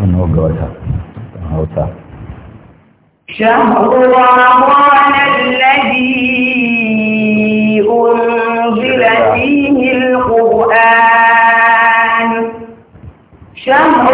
nawa ga wata hausa شهر رمضان الذي أنزل فيه القرآن شهر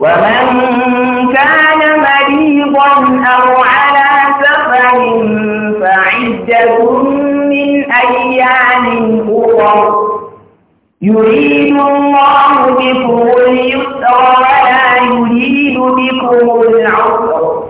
ومن كان مريضا أو على سفر فعدة من أيام يريد الله بكم اليسر ولا يريد بكم العسر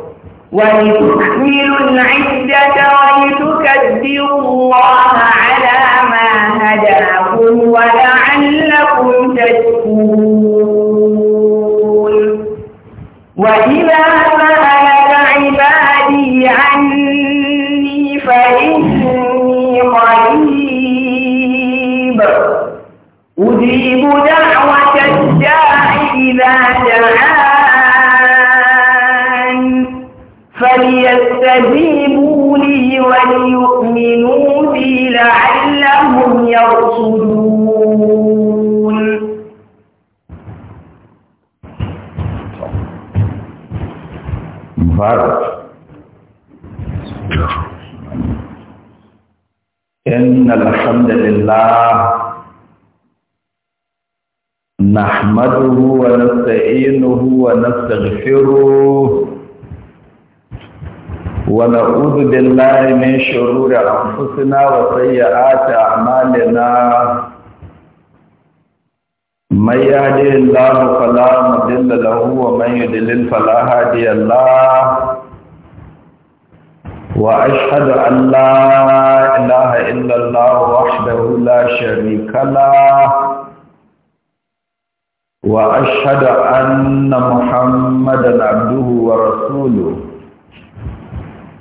haraj إن الحمد لله نحمده ونستعينه ونستغفره ونعوذ بالله من شرور أنفسنا وسيئات أعمالنا من يهده الله فلا مضل له ومن يضلل فلا هادي له واشهد ان لا اله الا الله وحده لا شريك له واشهد ان محمدا عبده ورسوله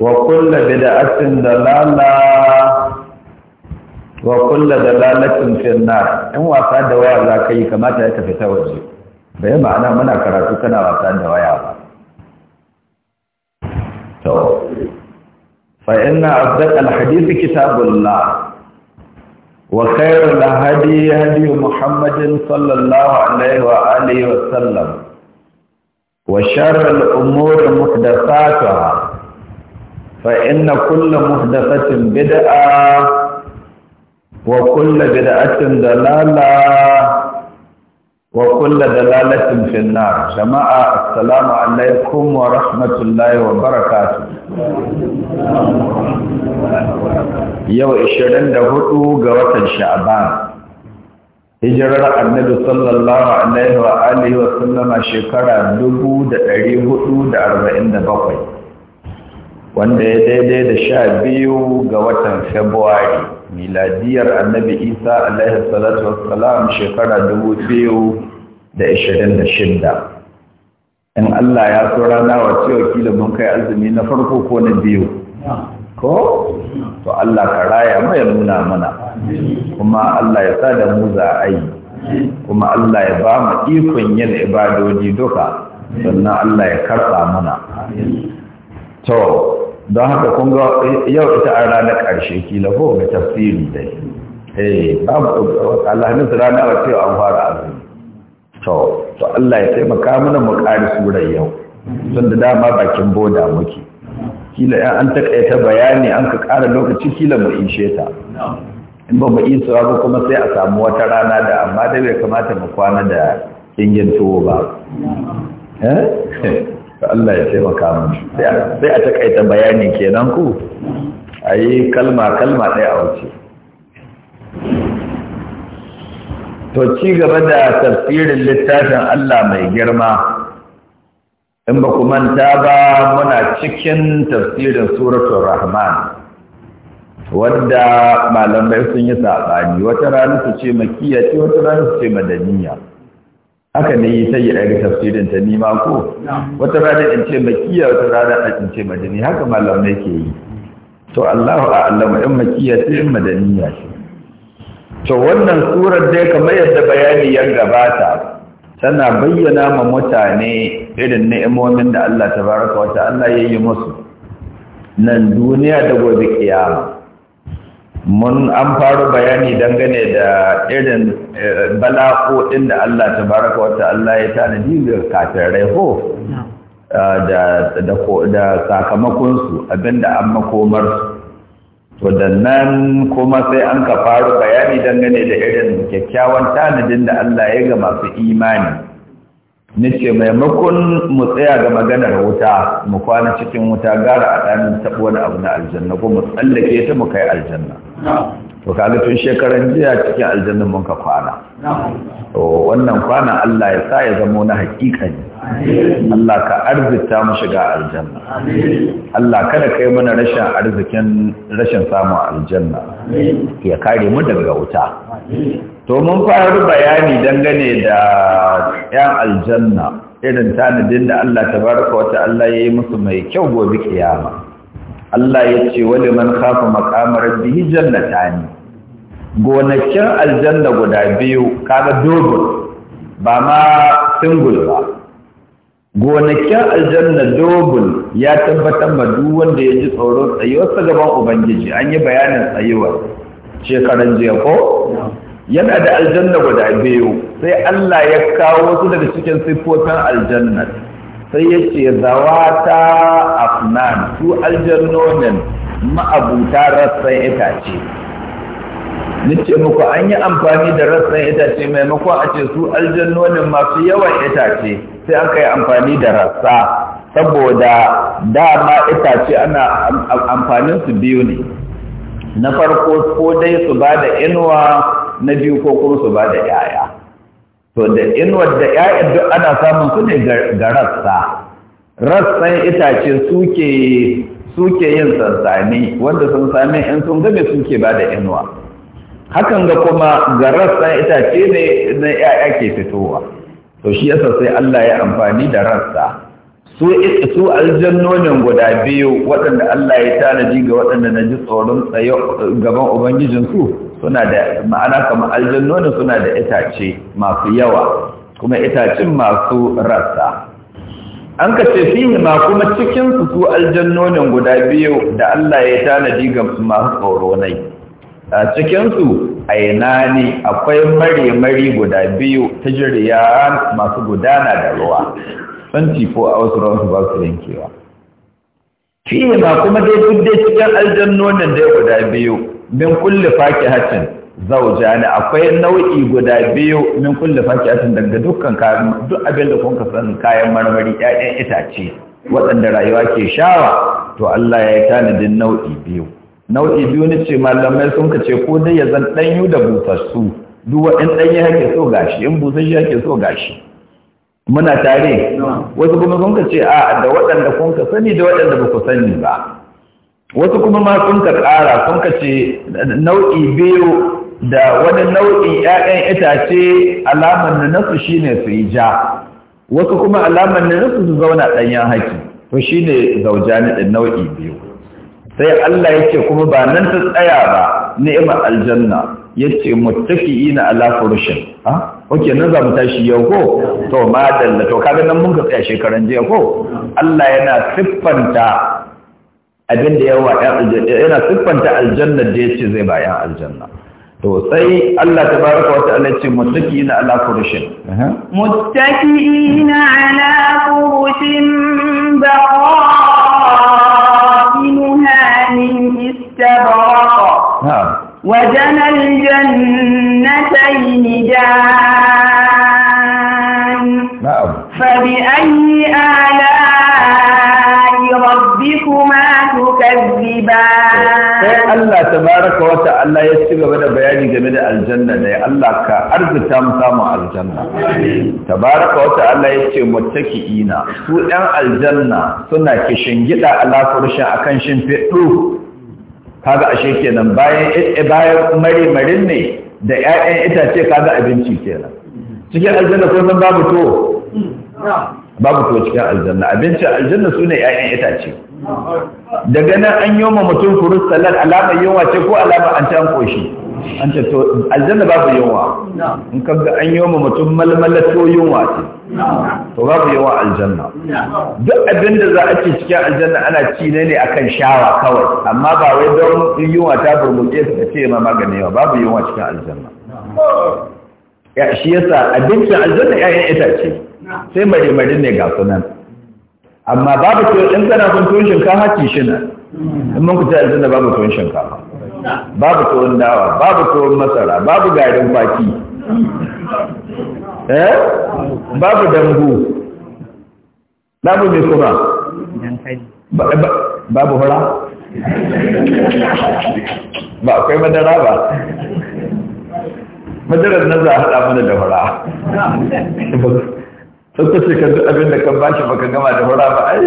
وكل بدعة ضلالة وكل ضلالة wasa da waya وفا دواء kamata ya كما تأتي waje, bai ma'ana muna karatu kana wasa da waya ba to fa inna asdaq alhadith kitabullah wa khayr alhadi hadi muhammadin sallallahu alaihi wa alihi wa sallam wa فإن كل محدثة بدعة وكل بدعة دلالة وكل دلالة في النار جماعة السلام عليكم ورحمة الله وبركاته يو إشارين دهوتو قوة شعبان hijirar annabi sallallahu alaihi wa alihi wa sallama shekara دبوكي wanda ya daidai da sha biyu ga watan Fabrairu miladiyar annabi Isa alaihi salatu wassalam shekara dubu biyu da ishirin da shida. In Allah ya so rana wa cewa kila mun kai azumi na farko ko na biyu. Ko? To Allah ka raya mai nuna mana, kuma Allah ya sa da mu za a yi, kuma Allah ya ba mu ikon yin ibadoji duka, sannan Allah ya karɓa mana. To, don haka kun ga yau ita a ranar ƙarshe kila ko ga tafsiri dai eh babu alhamis ranar a cewa an fara azumi to to Allah ya taimaka mana mu ƙari surar yau tun da dama bakin boda muke kila in an takaita bayani an ka ƙara lokaci kila mu ishe ta in ba mu isa ba kuma sai a samu wata rana da amma dai bai kamata mu kwana da kingin tuwo ba eh ta Allah ya taimaka mu sai a takaita bayanin kenan ku a kalma-kalma ɗaya a wuce to ci gaba da tafsirin littafin Allah mai girma in ba ku manta ba muna cikin tafsirin suratun rahman wadda malamai sun yi saɓani wata rana su ce makiyaci wata rana su ce madaniya haka ne yi sai ya ɗaga tafsirin ta nima ko wata rana in ce makiya wata rana in ce madani haka malamai ke yi to Allahu a'lamu in makiya ce in madaniya ce to wannan surar dai kamar yadda bayani ya gabata tana bayyana ma mutane irin ni'imomin da Allah tabaraka wa ta'ala ya yi musu nan duniya da gobe kiyama mun an faro bayani dangane da irin eh, bala'o'in da Allah ta baraka wata Allah ya tanadi ga kafin ho ah, da sakamakonsu abinda an makomar to da nan kuma sai an ka faru bayani dangane da irin kyakkyawan tanadin da Allah ya ga masu imani nace maimakon mu tsaya ga maganar wuta mu kwana cikin wuta gara a ɗanin taɓo wani abu na aljanna ko mu tsallake ta mu kai aljanna to kaga tun shekaran jiya cikin aljannin mun ka kwana to wannan kwana Allah ya sa ya zama na hakika ne Allah ka arzikta mu shiga aljanna Allah kada kai mana rashin arzikin rashin samun aljanna ya kare mu daga wuta to mun fara bayani dangane da yan aljanna irin tanadin da Allah tabaraka wata Allah ya yi musu mai kyau gobe kiyama Allah ya ce wani man kafa makamar bihi jannatani gonakin aljanna guda biyu kaga dogon ba ma single ba gonakin aljanna dogon ya tabbatar ma duk wanda ya ji tsoron tsayuwarsa gaban ubangiji an yi bayanin tsayuwa. shekaran jiya ko yana da aljanna guda biyu sai Allah ya kawo su daga cikin siffofin aljanna sai ya ce zawata afnan su aljannonin ma'abuta rassan itace nace muku an yi amfani da rassan itace maimakon a ce su aljannonin masu yawan itace sai aka yi amfani da rassa saboda dama itace ana amfanin su biyu ne na farko ko dai su ba da inuwa na biyu ko kuma su ba da yaya to da inuwar da ‘ya'yan duk ana samun su ne ga rassa rassan itace suke yin sansani wanda sami in sun game suke ba da inuwa hakan ga kuma ga rassan itace ne na ‘ya'ya ke fitowa to shi yasa sai Allah ya amfani da rassa su aljannonin guda biyu waɗanda Allah ya tanaji ga waɗanda na ji tsoron tsaye gaban Ubangijinsu suna da ma'ana kamar aljannonin suna da itace masu yawa kuma itacin masu rasa an ka ce fihi ma kuma cikin su su aljannonin guda biyu da Allah ya tanadi ga masu tsoronai cikinsu? a cikin su akwai mare mari guda biyu ta jiriya masu gudana da ruwa 24 hours ruwan su ba su yankewa Fiye ma kuma dai duk dai cikin aljannonin dai guda biyu min kulli fakihatin zawjani akwai nau'i guda biyu min kulli fakihatin daga dukkan kayan duk abin da kun san kayan marmari ƴaƴan itace waɗanda rayuwa ke shawa to Allah ya yi tanadin nau'i biyu nau'i biyu ne ce malamai sun ka ce ko dai ya zan ɗanyu da busassu duk waɗin ɗanye hake so gashi in busassu hake so gashi muna tare wasu kuma sun ka ce a da waɗanda kun ka sani da waɗanda ba ku sani ba wasu kuma ma sun ka ƙara sun ka ce nau'i biyu da wani nau'i 'ya'yan itace alamar na nasu shi su yi ja wasu kuma alamar na nasu su zauna ɗanyen haki to shi ne zaujani da nau'i biyu sai Allah ya ce kuma ba nan ta tsaya ba ni'ima aljanna ya ce yi ina ala furushin ha Ok nan za mu tashi yau ko to ma dalla to kaga nan mun ka tsaya shekaran jiya ko Allah yana siffanta abin da yawa yana siffanta aljanna da ya ce zai ba yan aljanna to sai Allah tabaraka wa ta'ala ya ce muttaqina ala furushin muttaqina ala furushin baqainuha min istabraqa وجنى الجنتين دان فبأي آلاء sai Allah ta tabaraka wata Allah ya ci gaba da bayani game da aljanna da ya Allah ka arzuta mu samu aljanna ta tabaraka wata Allah ya ce Ina su ɗan aljanna suna kishin gida a kan akan shimfiɗu kaga ashe kenan bayan eh, bayan mare marin ne da ƴaƴan itace kaga abinci kenan cikin aljanna ko san babu to babu kuwa cikin aljanna abinci aljanna su ne ‘ya'yan itace daga nan an yi wa mutum kurus salar alamar yunwa ce ko alamar an can koshi an ce to aljanna babu yunwa in ka an yi wa mutum malmala to yunwa ce to babu yunwa aljanna duk abin da za a ce cikin aljanna ana ci ne ne akan shawa kawai amma ba wai don yunwa ta burbuke su ta ce ma magani yawa babu yunwa cikin aljanna shi yasa abincin aljanna ‘ya'yan itace sai mari ne ga sunan amma babu to in kana kun tuwon shinkafa ci shi na in mun ku ta yanzu da babu tuwon shinkafa babu tuwon dawa babu tuwon masara babu garin baki eh babu dambu babu mai kuma babu hura ba akwai madara ba Madara na za a haɗa mana da hura sassa ce ka duk abin da kan bashi baka gama da hura ba ai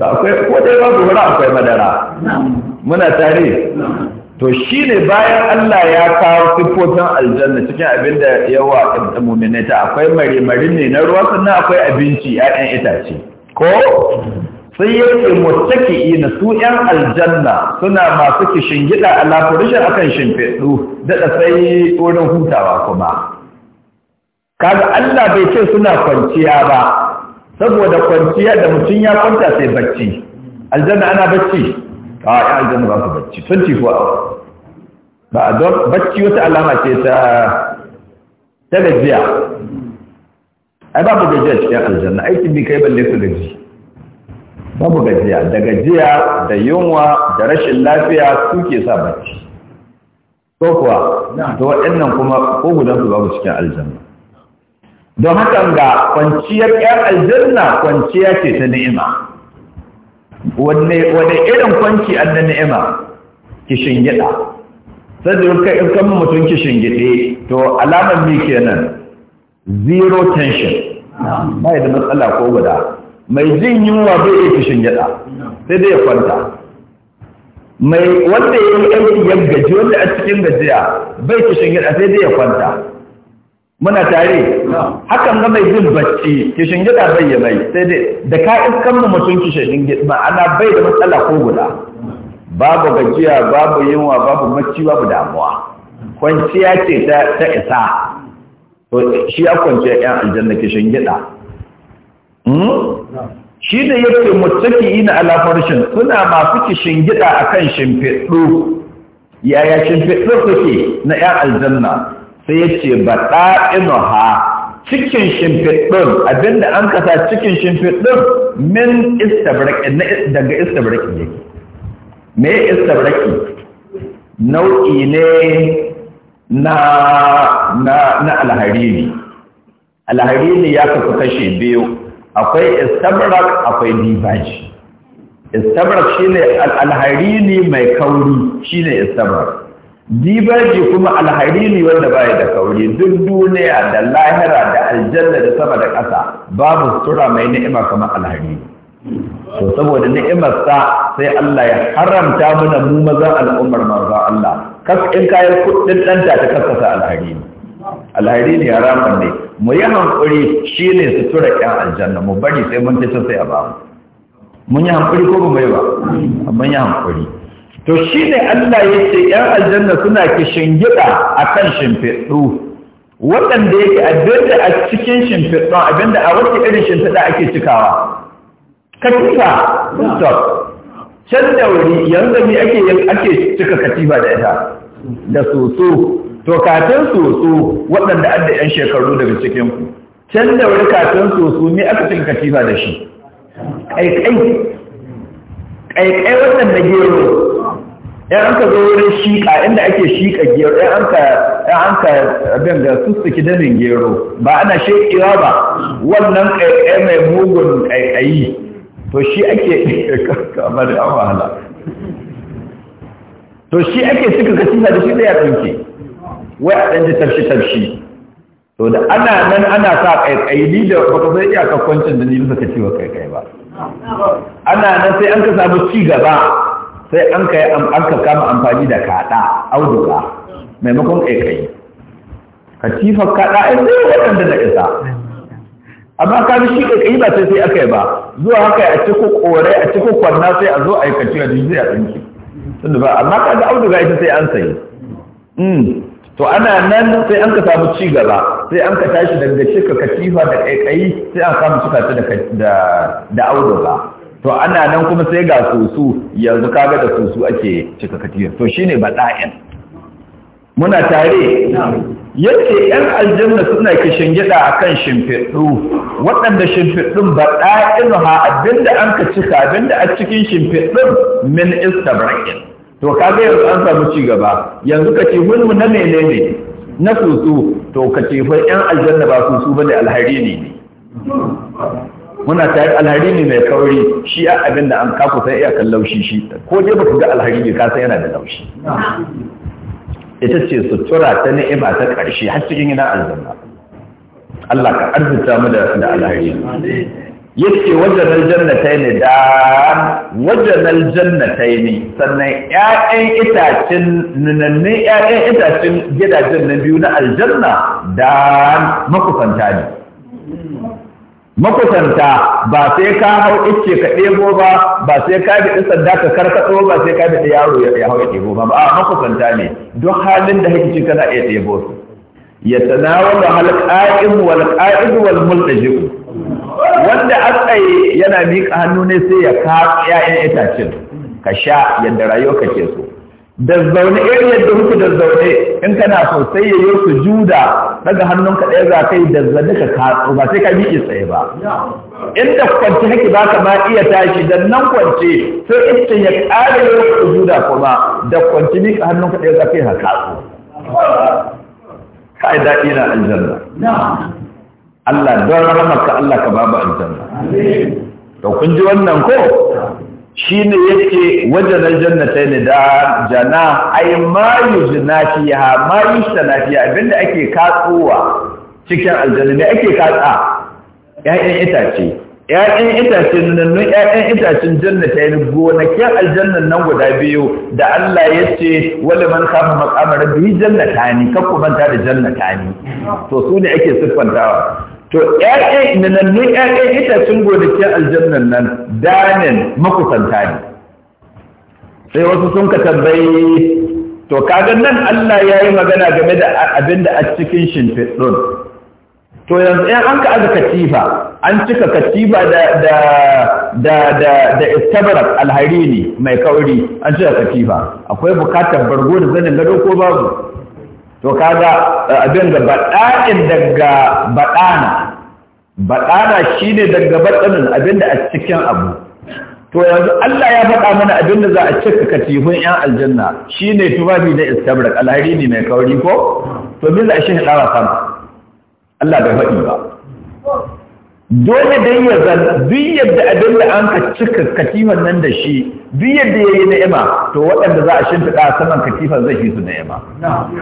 akwai ko dai babu hura akwai madara muna tare to shi ne bayan Allah ya kawo siffofin aljanna cikin abin da yawa a muminai ta akwai marimarin ne na ruwa sannan akwai abinci 'ya'yan itace ko sai ya ce mutaki na su ‘yan aljanna suna masu kishin gida a lafurishin akan shimfiɗu daɗa sai wurin hutawa kuma. Kaga Allah bai ce suna kwanciya ba, saboda kwanciya da mutum ya kwanta sai bacci. Aljanna ana bacci? A ‘yan aljanna ba su bacci, 24 hours. Ba a bacci wata alama ce ta gajiya. Ai babu gajiya cikin aljanna, aikin bi kai balle su gaji. babu gajiya da gajiya da yunwa da rashin lafiya suke sa bacci ko kuwa to waɗannan kuma ko gudansu babu cikin aljanna don haka ga kwanciyar ƴan aljanna kwanciya ce ta ni'ima Wanne irin kwanci an ni'ima kishin gida sai in kai kan mutum kishin gida, to alamar mi kenan zero tension bai da matsala ko guda mai jin yunwa bai yi kishin gyaɗa sai dai ya kwanta mai wanda ya yi aiki ya gaji wanda a cikin gajiya bai kishin gyaɗa sai dai ya kwanta muna tare hakan ga mai jin bacci kishin gyaɗa bai ya mai sai dai da ka iskan mu mutum kishin gyaɗa ma'ana bai da matsala ko guda babu gajiya babu yunwa babu bacci babu damuwa kwanciya ce ta isa to shi ya kwanciya yan aljanna kishin gyaɗa Hmm? shi da yake mutsaki ina alafarshin suna masu kishin gida a kan shimfiɗu yaya shimfiɗu suke na ‘yan aljanna sai ya ce ba ɗa'inu ha cikin shimfiɗun abinda an kasa cikin shimfiɗun min istabraki daga istabraki ne me istabraki nau'i ne na na alhariri alhariri ya kafi kashe biyu akwai istabrak akwai dibaji istabrak shine alharini mai kauri shine istabrak dibaji kuma alharini wanda baya da kauri duk duniya da lahira da aljanna da sama da ƙasa babu sura mai ni'ima kamar alharini to saboda sa sai Allah ya haramta mana mu mazan al'ummar manzon Allah kas in kayan kuɗin ɗanta ta kaskasa alharini alhairi ne haramun ne mu yi hankuri shi ne tura ƴan aljanna mu bari sai mun ta sai a bamu mun yi hankuri ko mu yi ba mun yi hankuri to shi ne Allah ya ce ƴan aljanna suna kishingida gida kan shimfiɗu waɗanda yake abinda a cikin shimfiɗu abinda a wata irin shimfiɗa ake cikawa katifa stop can da wuri yanzu ne ake ake cika katifa da ita da soso to katin soso waɗanda da 'yan shekaru daga cikinku, ku can da wani katon soso ne aka cin katifa da shi ƙaiƙai ƙaiƙai waɗanda gero ya an ka zo wurin shiƙa inda ake shiƙa gero ya an ka abin da sussuki damin gero ba ana shekewa ba wannan ƙaiƙai mai mugun ƙaiƙayi to shi ake kamar da wahala to shi ake suka katifa da shi ɗaya ɗinke wai a ɗan ji tafshi-tafshi to da ana nan ana sa ƙaiƙai ni da baka sai iya kakwancin da ni bisa ka ciwo ƙaiƙai ba ana nan sai an ka samu ci gaba sai an ka an ka kama amfani da kaɗa auduga maimakon ƙaiƙai katifar kaɗa in sai waɗanda na isa amma ka shi ƙaiƙai ba sai sai aka yi ba zuwa haka a cikin ƙorai a cikin kwanna sai a zo a yi kaciwa da zai a tsinki tunda ba amma ka ga auduga ita sai an sayi hmm. to ana nan sai an ka samu ci gaba sai an ka tashi daga ka katifa da kaikai sai an samu suka ci da auduga to ana nan kuma sai ga sosu yanzu kaga da sosu ake cika katifa to shine bada'in muna tare yace yan aljanna suna kishin gida akan shimfiɗu waɗanda shimfiɗun ba ɗa'inu ha abinda an ka cika abinda a cikin shimfiɗun min istabrakin to kaga yanzu an samu ci gaba yanzu ka ce na menene na susu to ka ce fa yan aljanna ba susu ne alhari ne muna tare alhari ne mai kauri shi a abin da an kaku san kan laushi shi ko ba ku ga alhari ne ka san yana da laushi ita ce sutura ta ni'ima ta karshe har cikin yana aljanna Allah ka arzuta mu da alhari yace wajen aljannatai ne da wajen aljannatai ne sannan ƴaƴan itacin nunanne ƴaƴan itacin gidajen na biyu na aljanna da makusanta ne makusanta ba sai ka hau ice ka ɗebo ba ba sai ka bi da ka karkaɗo ba sai ka bi yaro ya hau ya ɗebo ba ba makusanta ne duk halin da hakici kana iya ɗebo su ya tanawa da halƙa'im wal ƙa'id wal mulɗaji'u wanda a yana miƙa hannu ne sai ya kafa ‘ya'yan itacin ka sha yadda rayuwa ka ke so da zaune irin yadda muku da zaune in kana so sai ya yi su juda daga hannunka ɗaya za ka yi da zane ka katso ba sai ka miƙe tsaye ba inda kwanci haki ba ka ma iya tashi da nan kwanci sai istin ya ƙara yi su juda kuma da kwanci miƙa hannunka ɗaya za ka yi ka katso yi daɗi na aljanna Allah don ka Allah ka babu aljanna to kun ji wannan ko shi ne yake wajen jannatai ne da jana ai mayu zinafiya mayu sanafiya abinda ake katsowa cikin aljanna ne ake katsa ya'yan itace Ya'yan itace nannun ya'yan itacen jannatai ne gonakin aljannan nan guda biyu da Allah ya ce wala man kafa maqamara bi jannatani kakku ta da ne. to su ne ake siffantawa to ƴaƴan nanannun ƴaƴan itacen gonakin aljannan nan danin makusanta ne sai wasu sun ka tambayi to kaga nan Allah ya yi magana game da abin da a cikin shimfiɗin to yanzu in an ka aza katifa an cika katifa da da da alhari ne mai kauri an cika katifa akwai bukatar bargo da zanin gado ko babu to kaga abin da baɗa'in daga baɗana baɗana shi ne daga batsanin abinda a cikin abu to yanzu Allah ya faɗa mana abinda za a cika katihun 'yan aljanna shi ne tufafi na istabrak alhari ne mai kauri ko to bin za a shi wa sama Allah bai faɗi ba dole dai ya zan duk yadda abinda da an ka cika katifan nan da shi duk yadda ya yi ni'ima to waɗanda za a shimfiɗa saman katifan zai fi su ni'ima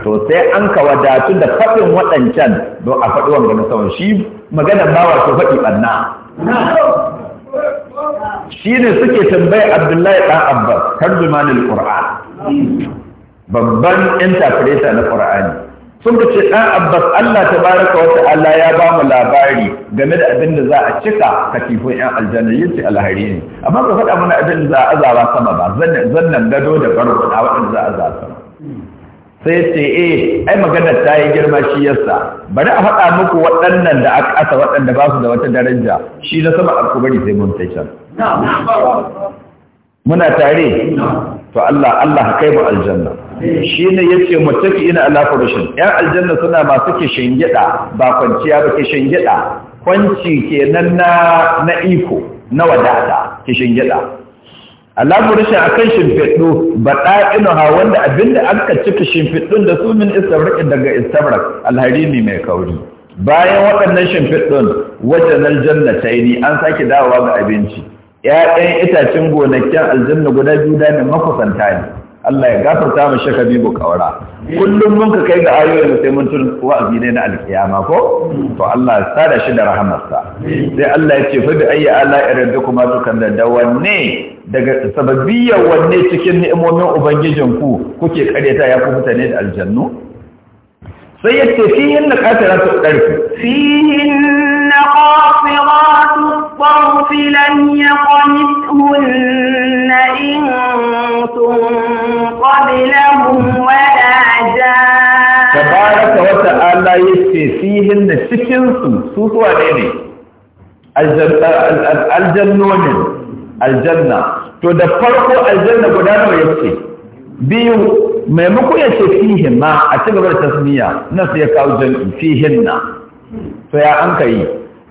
to sai an ka wadatu da faɗin waɗancan don a faɗi wanga na saman shi maganar ba wa faɗi ɓanna shi ne suke tambayar abdullahi ɗan abbas tarjumanin qur'an babban interpreter na qur'ani sun ce ɗan abbas allah ta baraka wata allah ya ba mu labari game da abin da za a cika katifun yan aljanna yin ce alhari ne amma ka faɗa mana abin da za a azaba sama ba zannan gado da barko a waɗanda za a azaba sama sai ce eh ai maganar ta yi girma shi yasa bari a faɗa muku waɗannan da aka asa waɗanda ba su da wata daraja shi na sama a kubari sai mun tashi muna tare to Allah Allah kai mu aljanna shi ne ya ce mutafi ina alaƙa rashin ‘yan aljanna suna masu ke shingiɗa ba kwanciya ba ke shingiɗa kwanci ke nan na iko na wadata ke shingiɗa alaƙa rashin a kan shimfiɗu ba ha wanda abinda aka cika shimfiɗun da su min istabrak daga istabrak alharimi mai kauri bayan waɗannan shimfiɗun wajen aljanna ta yi an sake dawowa ga abinci ‘ya'yan itacen gonakin aljanna guda biyu da ne makusanta ne Allah ya gafarta mu shaka bibu kawara kullum mun ka kai ga ayoyin sai mun tun wa'azi ne na alkiyama ko to Allah ya sada shi da rahamarsa sai Allah ya ce fa bi ayyi ala iraddukuma tukan da wanne daga sababiyyar wanne cikin ni'imomin ubangijin ku kuke karyata ya ku mutane da aljannu sai ya ce fi yin na katara fi na ƙafira su ƙwafilan na in قبلهم ولا جاء تبارك وتعالى يشفي فيهن سكنسو سوسوا ديني الجنون الجنة to da farko aljanna guda nawa yake biyu maimako ya ce fihin ma a ci gaba da tasmiya na sai ya kawo jami'i fihin na to ya an kai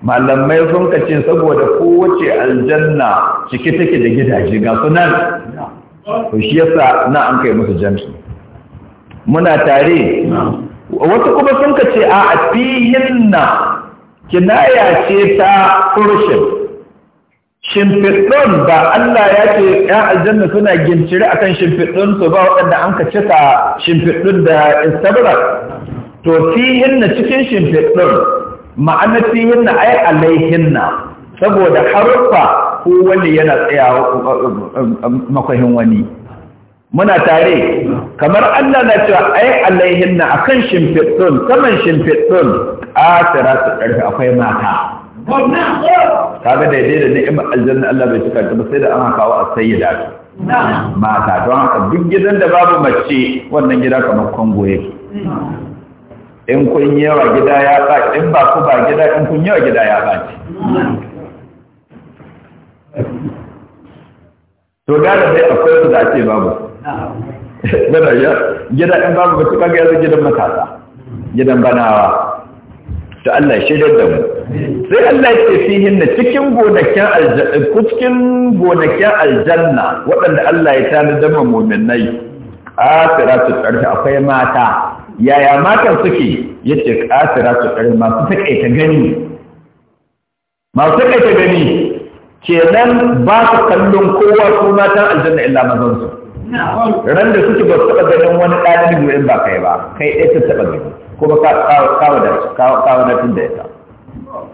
malamai sun ce saboda kowace aljanna cike take da gidaje ga sunan to shi yasa na an kai musu jam'i muna tare wasu kuma sun ka ce a na kinaya ce ta furshin shimfiɗin ba Allah ya ce ‘yan aljanna suna ginciri akan kan su ba waɗanda an ka cika shimfiɗin da instagram to hinna cikin shimfiɗin ma'ana hinna ai alaihinna saboda haruffa kowanne yana tsayawa makwahin wani muna tare kamar Allah na cewa ai alaihin na akan shimfiɗin saman shimfiɗin ƙasira su ƙarfi akwai mata kaga daidai da ni'imar aljanna Allah bai cika ta ba sai da an kawo a sayi su. mata don haka duk gidan da babu mace wannan gida kamar kongo yake in kun yawa gida ya ba in ba ku ba gida in kun yawa gida ya ba to gara sai akwai su da ake babu Gidan ya gida babu ba su kaga yanzu gidan matasa gidan banawa to Allah ya da mu sai Allah ya ce fihin da cikin gonakin aljanna cikin gonakin aljanna waɗanda Allah ya tana da mu'minai su tsarfi akwai mata yaya matan suke yace su tsarfi masu taƙaita gani masu taƙaita gani kenan ba su kallon kowa su matan aljanna illa mazan su ran da suke ba su taɓa ganin wani ɗalibin in ba kai ba kai ɗaya ta taɓa gani kuma kawo da tun da ya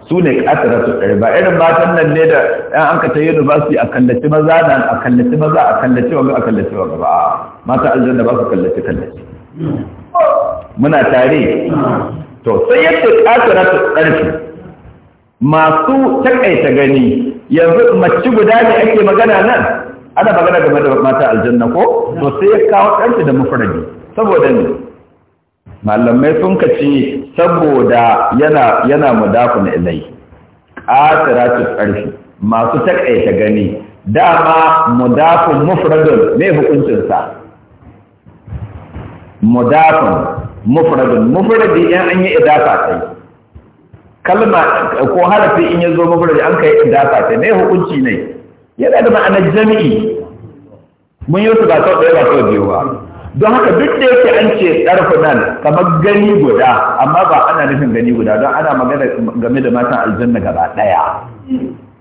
su ne ƙasa su ɗari ba irin matan nan ne da ɗan an ka ta yi university a kallaci maza nan a kallaci maza a kallaci wa a kallaci wanga ba mata aljanna ba su kallaci kallaci muna tare to sai yadda ƙasar su ɗarfi masu takaita gani yanzu mace guda ne ake magana nan ana magana game da mata aljanna ko to sai ya kawo kanta da mufradi saboda ne malamai sun ka kace saboda yana yana mudafu na ilai qatiratu ƙarfi masu taƙaita gani dama mudafun mufradun ne hukuncinsa. Mu mudafun mufradun mufradi yan an yi idafa sai kalma ko harafi in ya zo mafarari an kai idafa ta ne hukunci ne yana da ma'anar jami'i mun yi su ba sau ɗaya ba sau biyu ba don haka duk da yake an ce ɗarfi nan kamar gani guda amma ba ana nufin gani guda don ana magana game da matan aljanna gaba ɗaya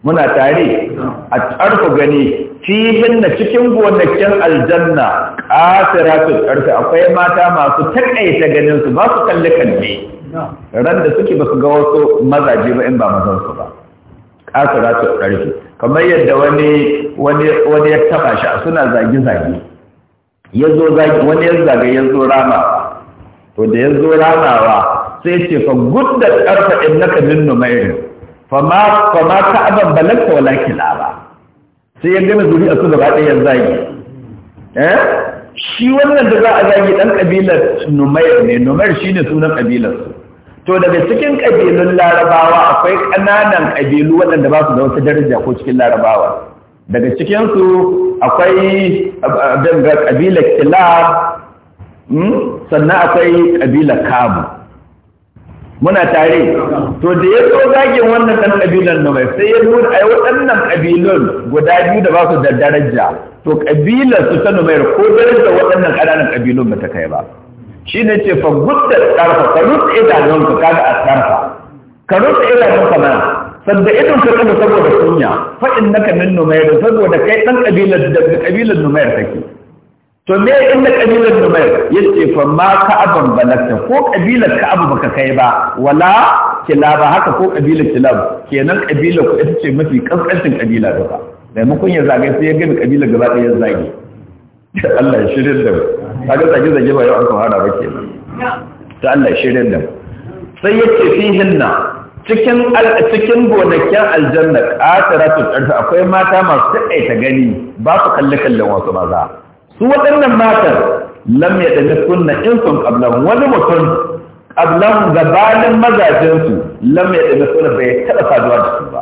muna tare a ƙarfa gani cikin na cikin gonakin aljanna ƙasira su ƙarfi akwai mata masu taƙaita ganinsu ba su kalli kalle ran da suke basu ga wasu mazaje ba in ba mazansu ba ƙasa za su ƙarfi kamar yadda wani ya taɓa shi suna zage-zage wani ya zage ya zo to da ya zo ramawa sai ce fa gudda ƙarfa in ka min numairin fa ma ka abin balanta wala kila ba sai ya gama zuri a su gaba ɗaya zage eh? shi wannan da za a zage ɗan ƙabilar numair ne numair shi ne sunan ƙabilarsu to daga cikin ƙabilun larabawa akwai ƙananan ƙabilu waɗanda ba su da wata daraja ko cikin larabawa daga cikinsu akwai eh, eh, ga ƙabilar kilab hmm, sannan akwai ƙabilar kamu muna tare to da ya so zagin wannan ɗan ƙabilar na mai sai ya nuna a waɗannan ƙabilun guda biyu da ba su da daraja to ƙabilar su ta numayar ko daraja waɗannan ƙananan ƙabilun ba ta kai ba shi ne ce fa gudda tsarfa ka rutsa idanunka kada a tsarfa ka rutsa idanunka na sanda idon ka kada saboda kunya fa innaka min numayr saboda kai dan kabilar da kabilar numayr kake to me inda kabilar numayr yace fa ma ka aban balakta ko kabilar ka abu baka kai ba wala kilaba haka ko kabilar kilab kenan kabilar ku ita ce mafi kaskancin kabila gaba maimakon ya zage sai ya gani kabilar gaba ɗaya ya zage. Allah ya shirin da mu kaga zage zage ba yau an kan hada ba kenan ta Allah ya shirin da mu sai yace fihinna cikin cikin gonakin aljanna qataratu tarfa akwai mata masu taƙaita gani ba su kalle kallon wasu maza su waɗannan matan lam yadanakunna insun qablan wani mutum qablan gabanin mazajinsu lam yadanakunna bai taɓa saduwa da su ba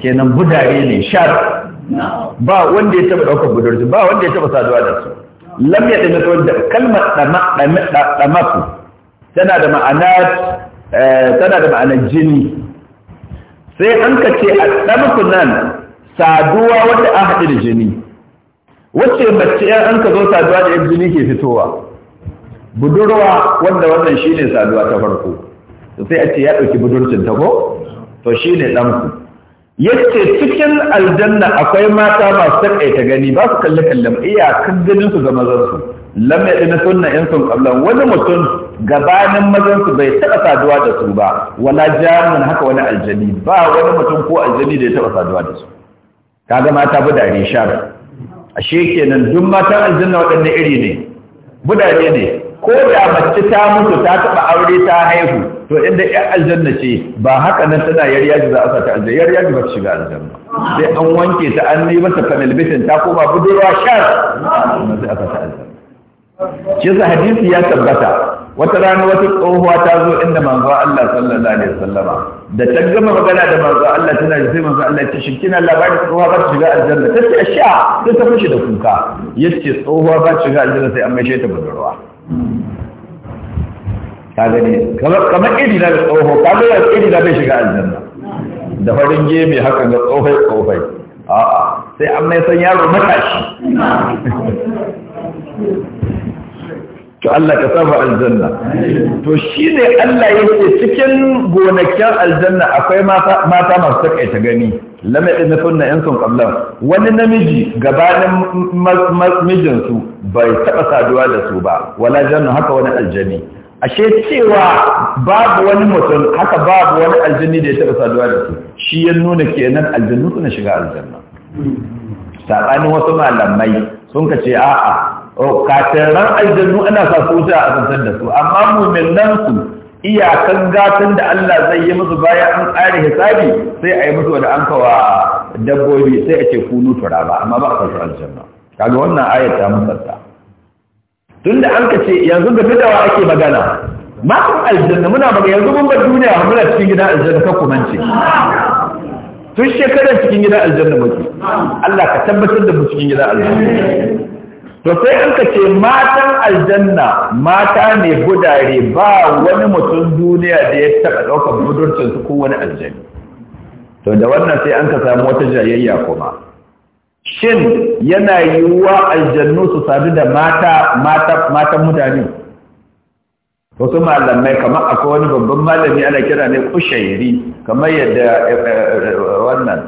kenan budare ne shar ba wanda ya taba daukar budurci ba wanda ya taba saduwa da su lam ya dame wanda kalmar damaku tana da ma'ana eh, tana da ma'ana jini sai an ka ce a damaku nan saduwa wanda an haɗu da jini wacce mace yan an ka zo saduwa da yan jini ke fitowa budurwa wanda wannan shine saduwa ta farko sai a ce ya ɗauki budurcin ta ko to shine ɗanku yace cikin aljanna akwai mata masu taƙaita gani ba su kalli ba iya kan ganin su ga mazansu lamma ya dina sunna in sun qablan wani mutum gabanin mazansu bai taba saduwa da su ba wala jamun haka wani aljani ba wani mutum ko aljani da ya taba saduwa da su kaga mata budare sha ashe kenan duk mata aljanna waɗanne iri ne budare ne ko da mace ta mutu ta taɓa aure ta haihu to inda ƴan aljanna ce ba haka nan tana yarya za a sata aljanna yarya ba ta shiga aljanna sai an wanke ta an yi mata panel bitin ta koma budurwa shar amma sai aka ta aljanna shi yasa hadisi ya tabbata wata rana wata tsohuwa ta zo inda manzo Allah sallallahu alaihi wasallama da ta gama magana da manzo Allah tana ji sai manzo Allah ya ce shin kina labarin tsohuwa ba shiga aljanna ta ce sha sai ta fushi da kuka yace tsohuwa ba shiga aljanna sai an mai ta budurwa ka gani kamar iri na tsoho ka gani iri na bai shiga aljanna da farin mai hakan ga tsohai tsohai a'a sai an mai san yaro matashi to Allah ka saba aljanna to shi ne Allah ya ce cikin gonakin aljanna akwai mata masu takaita gani lam yadna sunna in sun wani namiji gabanin mijin su bai taba saduwa da su ba wala janna haka wani aljani ashe cewa babu wani mutum haka babu wani aljani da ya taba saduwa da su shi ya nuna kenan aljannu suna shiga aljanna sabanin wasu malamai sun kace a'a oh, katiran aljannu ana sa su a kasantar da su amma mu'minan su iyakan gatan da Allah zai yi musu bayan an ƙare hisabi sai a yi musu da an kawa dabbobi sai a ce kunu turaba amma ba a kasu aljanna kaga wannan ayat ta musarta da an ka ce yanzu da fitawa ake magana matan aljanna muna ba yanzu mun bar duniya muna cikin gidan aljanna kan ku mance tun shekarar cikin gidan aljanna muke Allah ka tabbatar da mu cikin gidan aljanna to sai an ka ce matan aljanna mata ne budare ba wani mutum duniya da ya taɓa ɗaukar budurcin su ko wani to da wannan sai an ka samu wata jayayya kuma shin yana yiwuwa aljannu su sadu da mata mata matan mutane wasu malamai kamar akwai wani babban malami ana kira ne kushairi kamar yadda eh, eh, eh, wannan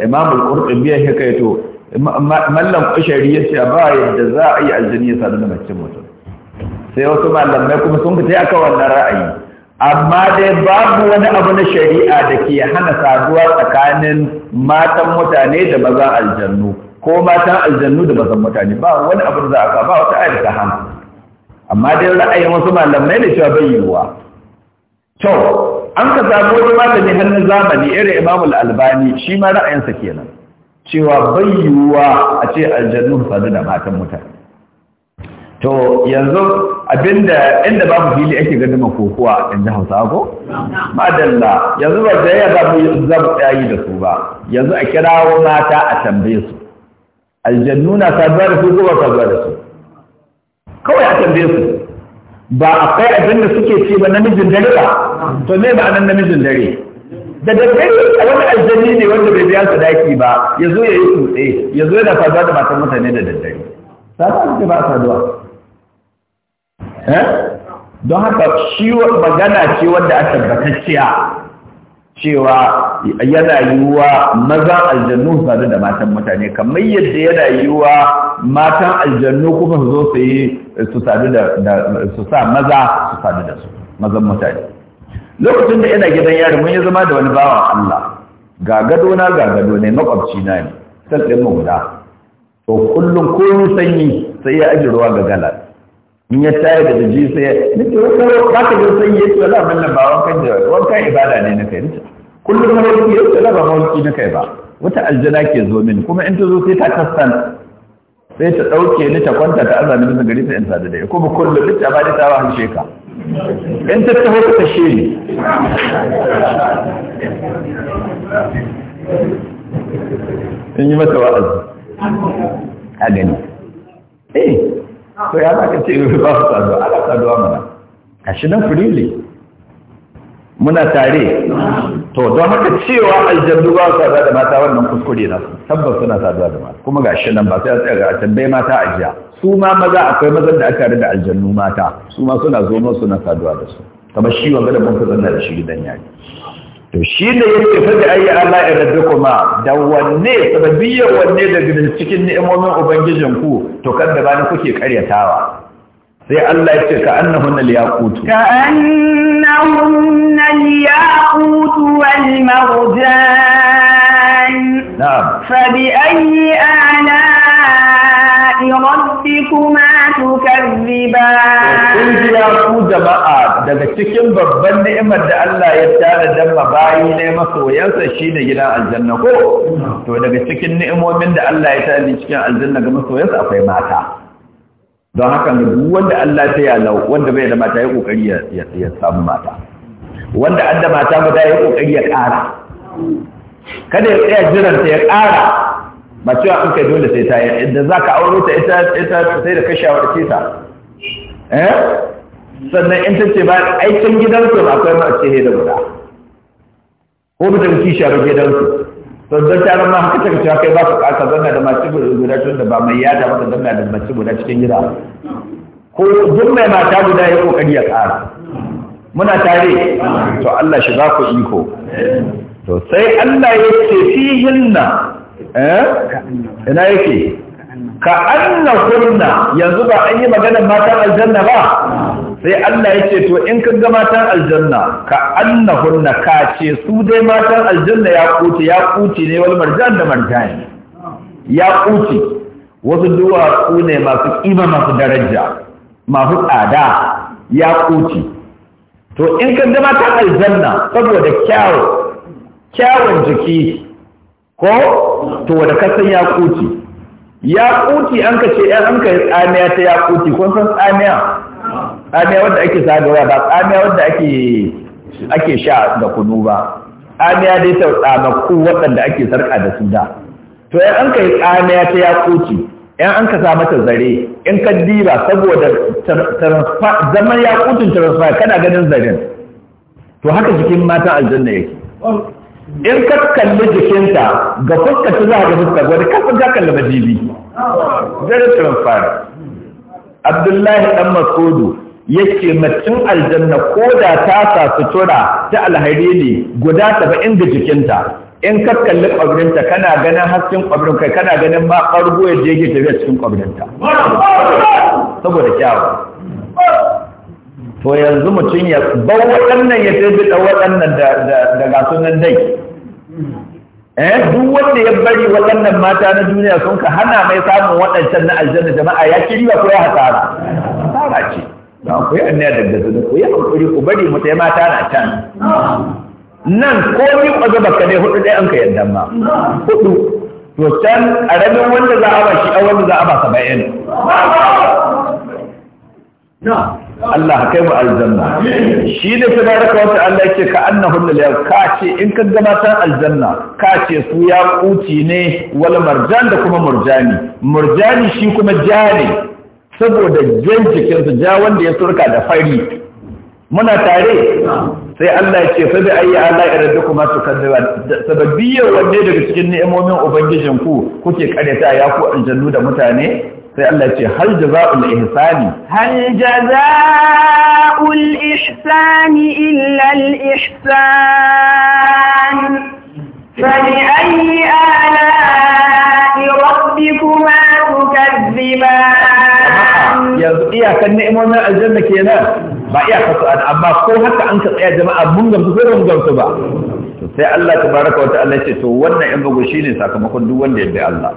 imamul qurtubi ya to. mallam ƙashari ya ce ba yadda za a yi aljini ya sadu da macin mutum sai wasu mallamai kuma sun fita aka wannan ra'ayi amma dai babu wani abu na shari'a da ke hana saduwa tsakanin matan mutane da mazan aljannu ko matan aljannu da mazan mutane ba wani abu da za a ba wata ayar ta hana amma dai ra'ayin wasu mallamai ne cewa bai yiwuwa kyau an ka samu wani malami hannun zamani irin imamul albani shi ma ra'ayinsa kenan cewa bai yiwuwa a ce aljannu sadu da matan mutane to yanzu abinda inda babu fili ake ganin makokuwa in ji hausa ko? madalla yanzu ba da yaba mu zama tsayi da su ba yanzu a kirawo mata a tambaye su aljannu na saduwa da su ko ba saduwa da su kawai a tambaye su ba akwai abinda suke ce ba namijin dare ba to me ba nan namijin dare da daddare a wani aljani ne wanda bai biya sadaki ba ya zo ya yi tutse ya zo yana faruwa da matan mutane da daddare sata ce ba faduwa eh? don haka shi magana ce wanda a tabbatacciya cewa yana yiwuwa maza, aljannu sadu da matan mutane kamar yadda yana yiwuwa matan aljannu kuma su zo su yi su sadu da su sa maza su sadu da su mazan mutane lokacin da ina gidan yari mun yi zama da wani bawan Allah ga gado na ga gado ne makwabci na ne sai ɗin mu guda to kullum ko sanyi sai ya aji ruwa ga galas in ya tayar da jiji sai ya nake wata ba ka jin sanyi ya ce wala ban nan ba wankan da wankan ibada ne na kai nace kullum na wani ya ce wala ba wanki na kai ba wata aljana ke zo mini kuma in ta zo sai ta kastan sai ta ɗauke ni ta kwanta ta azami bisa gari ta in sadu da ya kuma kullum duk ta ba ta tawa hanshe ka in ta taho ta kashe ni in yi masa wa'azi a gani eh to ya za ka ce ba su saduwa ana saduwa mana a shi nan muna tare to don haka cewa aljannu ba su da mata wannan kuskure na su tabbas suna saduwa da mata kuma ga shi nan ba sai a tsaya ga tambaye mata a jiya su ma maza akwai mazan da aka da aljannu mata su ma suna zo suna saduwa da su kamar shi wanga da muka zanna da shi gidan yaki to shi ne yake fadi ayi Allah ya rabbi kuma da wanne sababiyyar wanne daga cikin ni'imomin ubangijinku to kan ba ni kuke karyatawa sai Allah ya ce ka annahunna liyaqutu ka annahunna liyaqutu wal marjan na'am fa bi ayyi ala'i rabbikuma tukazziban kun ji ku jama'a daga cikin babban ni'imar da Allah ya tara dan mabayi ne masoyansa shine gidan aljanna ko to daga cikin ni'imomin da Allah ya tara cikin aljanna ga masoyansa akwai mata don haka ne duk wanda Allah ta ya lau wanda bai da mata ya kokari ya samu mata wanda an da mata mata ya kokari ya ƙara kada ya tsaya jiran ta ya ƙara ba cewa an kai dole sai ta yi inda za ka aure ta ita ita sai da kashe wa ce ta eh sannan in ta ce ba aikin gidansu akwai mace da guda ko mutum kishi a gidansu to don ta ma haka take cewa kai ba ka aka zanna da mace guda tun da ba mai yada ba ka zanna da mace guda cikin gida ko duk mai mata guda ya kokari ya ƙara muna tare to Allah shi ba ku iko to sai Allah ya ce fihinna eh ina yake ka anna kunna yanzu ba an yi maganar matan aljanna ba sai Allah ya ce to in ka ga matan aljanna ka anna kunna ka ce su dai matan aljanna ya kuce ya kuce ne wal marjan da marjan ya kuce wasu duwatsu ne masu kima masu daraja masu tsada ya kuce to in ka ga matan aljanna saboda kyawu kyawun jiki ko to da kasan ya kuce kuti an ka ce 'Yan an ka yi tsamiya ta kuti kun san tsamiya tsamiya wadda ake sadarwa ba tsamiya wadda ake ake sha da kunu ba tsamiya dai ta tsamaku waɗanda ake sarƙa da su da to 'Yan an ka yi tsamiya ta kuti 'yan an ka sa mata zare in ka diba saboda zaman kutin transfer kana ganin zaren to haka jikin matan aljanna yake in ka kalli jikinta ga fuska ta za ga fuskar wani kafin ka kalli majibi very fara. abdullahi dan masudu yake macin aljanna ko da ta sa sutura ta alhari ne guda saba'in da jikinta in ka kalli kwabrinta kana ganin hasken kwabrin kai kana ganin ma ɓargo ya je ke cikin kwabrinta saboda kyawu to yanzu mutum ya bar waɗannan ya sai da waɗannan da gasu nan dai eh duk wanda ya bari waɗannan mata na duniya sun ka hana mai samun waɗancan na aljanna jama'a ya kiri ba ko ya hasara hasara ce ba ku yi annaya daga zuwa ku yi hankuri ku bari mu tai mata na can nan ko ni ƙwazo baka dai hudu dai an ka yadda ma hudu to can a rabin wanda za a ba shi a wanda za a ba saba'in Allah kai mu aljanna shi ne ta baraka wata Allah yake ka annahu lil ka ce in ka gama ta aljanna ka ce su ya kuti ne wal marjan da kuma murjani murjani shi kuma ja saboda jan jikin su ja wanda ya surka da fari muna tare sai Allah yake fa bi ayi ala iraddukum ma tukadiba sababiyyar wanne daga cikin ni'imomin ku, kuke karyata ya ku aljannu da mutane sai Allah ce hal jaza'ul ihsani hal jaza'ul ihsani illa al ihsan fa ayi ala'i rabbikuma tukazziban yanzu iyakan ni'imomin aljanna kenan ba iyakar su amma ko haka an ka tsaya jama'a mun gamsu ko mun gamsu ba sai Allah tabaraka wa ta'ala ce to wannan yan bugu shine sakamakon duk wanda ya bi Allah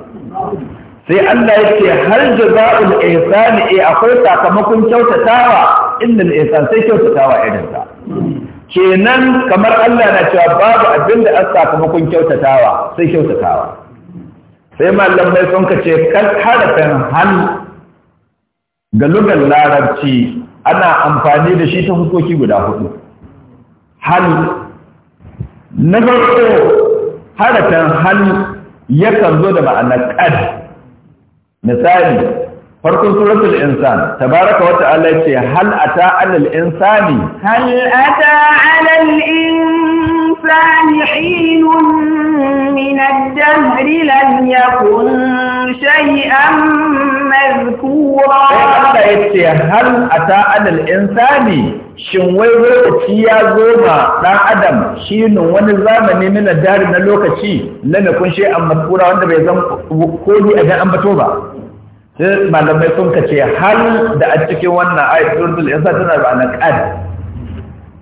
sai Allah yake hal jaza'ul ihsani eh akwai sakamakon kyautatawa innal ihsan sai kyautatawa irin ta kenan kamar Allah na cewa babu abin da an sakamakon kyautatawa sai kyautatawa sai malamai sun ka ce kan harafin hal ga lugar larabci ana amfani da shi ta hukoki guda hudu hal na farko harafin hal yakan zo da ma'anar ƙad misali farkon suratul insan tabaraka wa ta'ala ce hal ata alal insani hal ata alal insani hinun min ad-dahr lam yakun shay'an mazkura Allah yace hal ata alal insani shin wai lokaci ya zo ba dan adam shine wani zamani min ad-dahr na lokaci lana kun shay'an mazkura wanda bai zan ko ni a ga an bato ba malamai sun ka ce hal da a cikin wannan ayat suratul insa tana da ana qad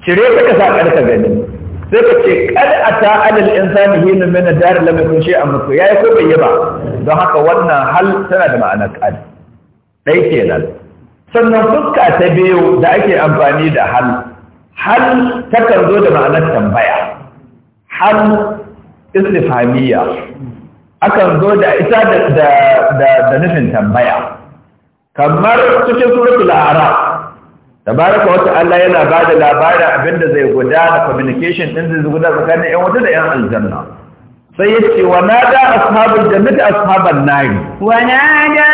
cire ka ka sakar ka gani sai ka ce qad ata alal insani hina min dar lam yakun shay'an mutu yayi ko bai ba don haka wannan hal tana da ma'ana qad dai kenan sannan fuska ta biyu da ake amfani da hal hal takan zo da ma'anar tambaya hal istifhamiyya akan zo da ita da nufin tambaya kamar cikin suratul araf tabaraka wata Allah yana ba da labarin abinda zai gudana communication din zai gudana tsakanin ƴan wuta da ƴan aljanna sai yace wa nada ashabul jannati ashaban nari wa nada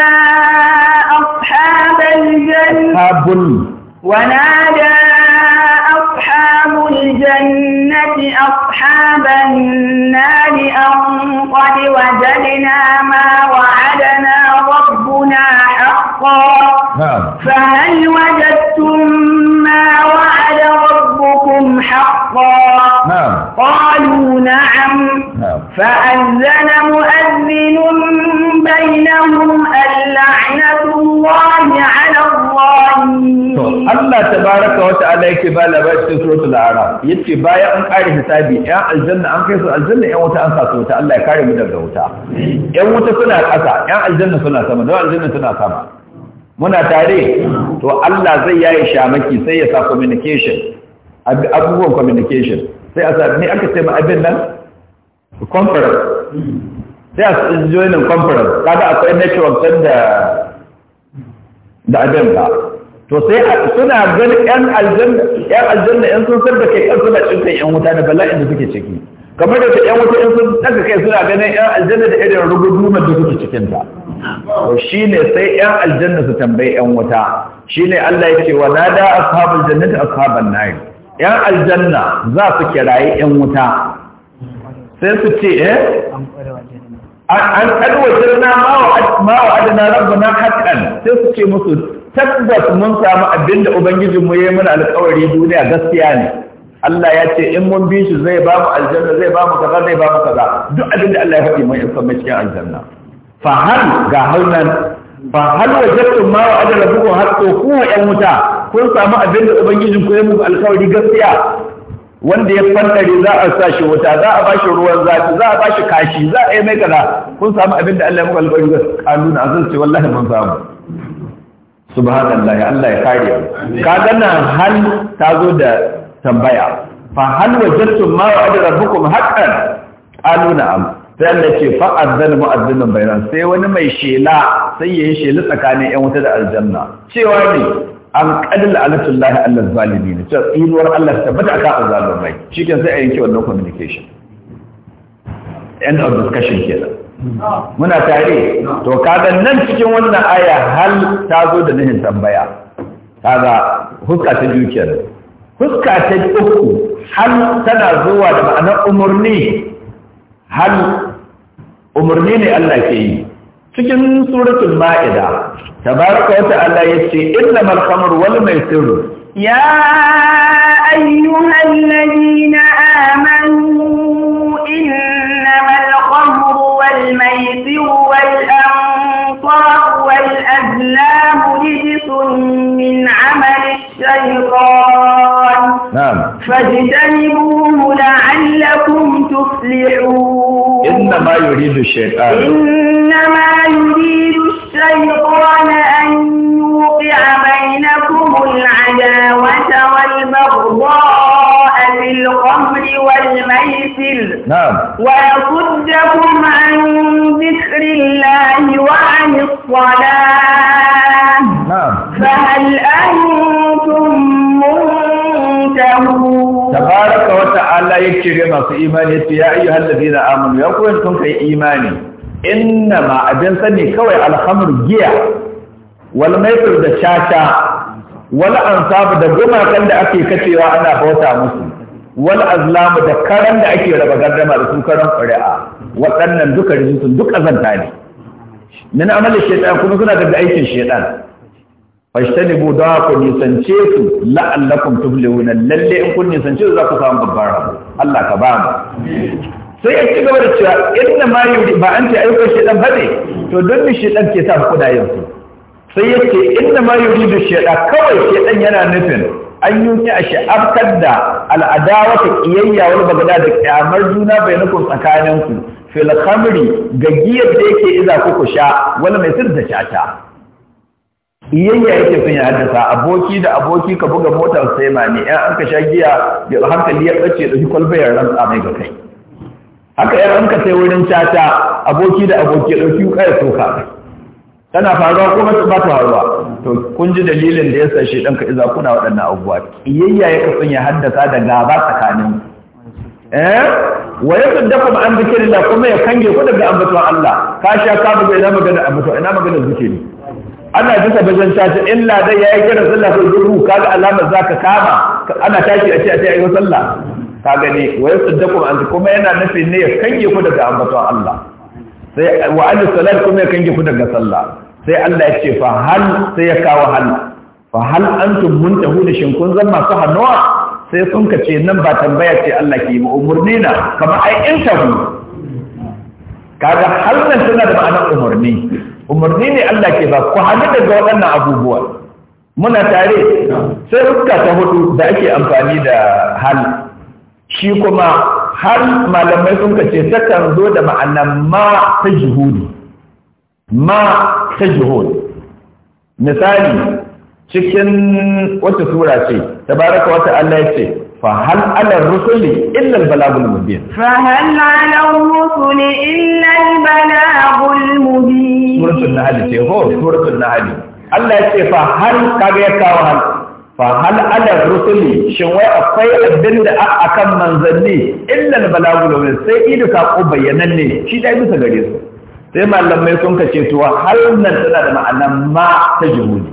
ashabul jannati wa nada أصحاب الجنة أصحاب النار أن قد وجدنا ما وعدنا ربنا حقا نعم. فهل وجدتم ما ربكم حقا نعم. قالوا نعم. نعم فأذن مؤذن بينهم اللعنة الله على الله الله تبارك وتعالى يكبال بيت سورة العرب يكبال أن أعرف سابي يا الجنة أن قصر الجنة يا وتا أن قصر الله يكارب من الوتا يا وتا سنة الأسع يا الجنة سنة سمع دعا الجنة سنة سمع muna tare to Allah zai yaye shamaki sai ya abubuwan communication sai a sami aka ce ma abin nan conference sai a joinin conference kada akwai network ɗin da abin ba to sai suna ganin yan aljanna yan aljanna yan sun sarda kai yan suna cin yan wuta na bala'in da suke ciki kamar da yan wuta yan sun daga kai suna ganin yan aljanna da irin rugudumar da suke cikin ta to shine sai yan aljanna su tambayi yan wuta Shi ne Allah ya ce wa nada ashabul jannati ashaban nar ‘yan aljanna za su kiraye ‘yan wuta sai su ce eh an ƙarwatar na mawa adana rabbana haƙan sai su ce musu tabbas mun samu abin da ubangijinmu ya yi mana alƙawari duniya gaskiya ne Allah ya ce in mun bi shi zai ba mu aljanna zai ba mu kaza zai ba mu kaza duk abin da Allah ya faɗi mun isa mai cikin aljanna fa hal ga haunan fa hal wajadtum ma wa'ada rabbukum haqqo ku wa yan wuta kun samu abin da ubangijin ku ya muku alkawari gaskiya wanda ya fantare za a sa shi wuta za a bashi ruwan zafi za a bashi kashi za a yi mai kaza kun samu abin da Allah ya muku alƙawari ga kaluna azan ce wallahi mun samu subhanallahi Allah ya kare mu kaga nan hal ta zo da tambaya fa hal wajadtum ma wa'ada rabbukum haqqan qaluna am sai Allah ce fa azan mu'azzinun bayran sai wani mai shela sai yayin shela tsakanin ƴan wuta da aljanna cewa ne an kadil alatullahi allah zalimi ne ta tsinuwar allah tabbata akan shi kan sai a yanke wannan communication end of discussion ke da. muna tare to kaga nan cikin wannan aya hal ta zo da nihin tambaya kaga huska ta dukiyar huska ta uku hal tana zuwa da ma'anar umarni hal umarni ne Allah ke yi cikin suratul ma'ida تبارك وتعالى يسئل إنما الخمر والميسر يا أيها الذين آمنوا إنما الخمر والميسر والأنصار والأزلام رجس من عمل الشيطان نعم فاجتنبوه لعلكم تفلحون إنما يريد الشيطان إنما يريد الشيطان أن يوقع بينكم العداوة والبغضاء في الخمر والميسر نعم ويصدكم عن ذكر الله وعن الصلاة نعم فهل أنتم tabaraka wa ta'ala yake ga masu imani yace ya ayyuhal ladina amanu ya kuwan kun kai imani inna ma abin sani kawai alhamr giya wal maitar da chacha wal ansab da gumakan da ake kacewa ana bauta musu wal azlam da karan da ake raba gardama da su karan ƙuri'a waɗannan duka rijisun duk azanta ne min amalin shaytan kuma suna daga aikin shaytan fashtanibu da ku nisance su la'allakum tuflihuna lalle in kun nisance su za ku samu babbar rabo Allah ka ba mu sai ya ci gaba da cewa inna ma yuri ba an ce shi shedan bane to don mi shedan ke sa ku da yanzu sai ya ce inna ma yuri da da kawai shedan yana nufin an yi a sha'afkar da al'adawa ta kiyayya wani bagada da kyamar juna bai nufin tsakaninku fil ga giyar da yake iza ku sha wani mai sirda shata iyayya yake son ya haddasa aboki da aboki ka buga motar sai ma ne yan an ka sha giya ya hankali ya bace ya kwalba ya rantsa mai ga kai haka yan an ka sai wurin caca aboki da aboki ya dauki kai soka Kana faruwa kuma ba ta faruwa to kun ji dalilin da yasa shi danka iza kuna waɗannan abubuwa iyayya yake son ya haddasa da gaba tsakanin eh wa ma an zikrillah kuma ya kange ku daga ambaton Allah ka sha ka buga ina magana ambaton ina magana ne? ana bisa bajan caca in dai ya yi kiran sallah sai gurru kaga alama za ka kama ana tashi a ce a yi ayi sallah ka gani wa yasaddakum an kuma yana nufi ne ya kange ku daga ambaton Allah sai wa an salat kuma ya kange ku daga sallah sai Allah ya ce fa hal sai ya kawo hal fa hal antum muntahuna shin kun zan masu hannuwa sai sun ka ce nan ba tambaya ce Allah ke yi ma umurni na kamar ai in tahu kaga hal nan tana da ma'anar umurni umarni ne Allah ke ba ku hannu daga waɗannan abubuwa muna tare sai rukka ta hudu da ake amfani da hal shi kuma hal malamai sun kace kan zo da ma'ana ma ta juhudi ma ta juhudi misali cikin wata sura ce tabaraka wata Allah ce فهل على الرسل إلا البلاغ المبين فهل على الرسل إلا البلاغ المبين سورة النهل تيهو سورة النهل الله يقول فهل كبيرتا وهل فهل على الرسل شواء الصيء الدل أكم ذلي إلا البلاغ المبين سيئد كاقو بيانني شيء دائم سجريس سيما لما يكون كشيتوا هل نتنا لما أنا ما تجهوني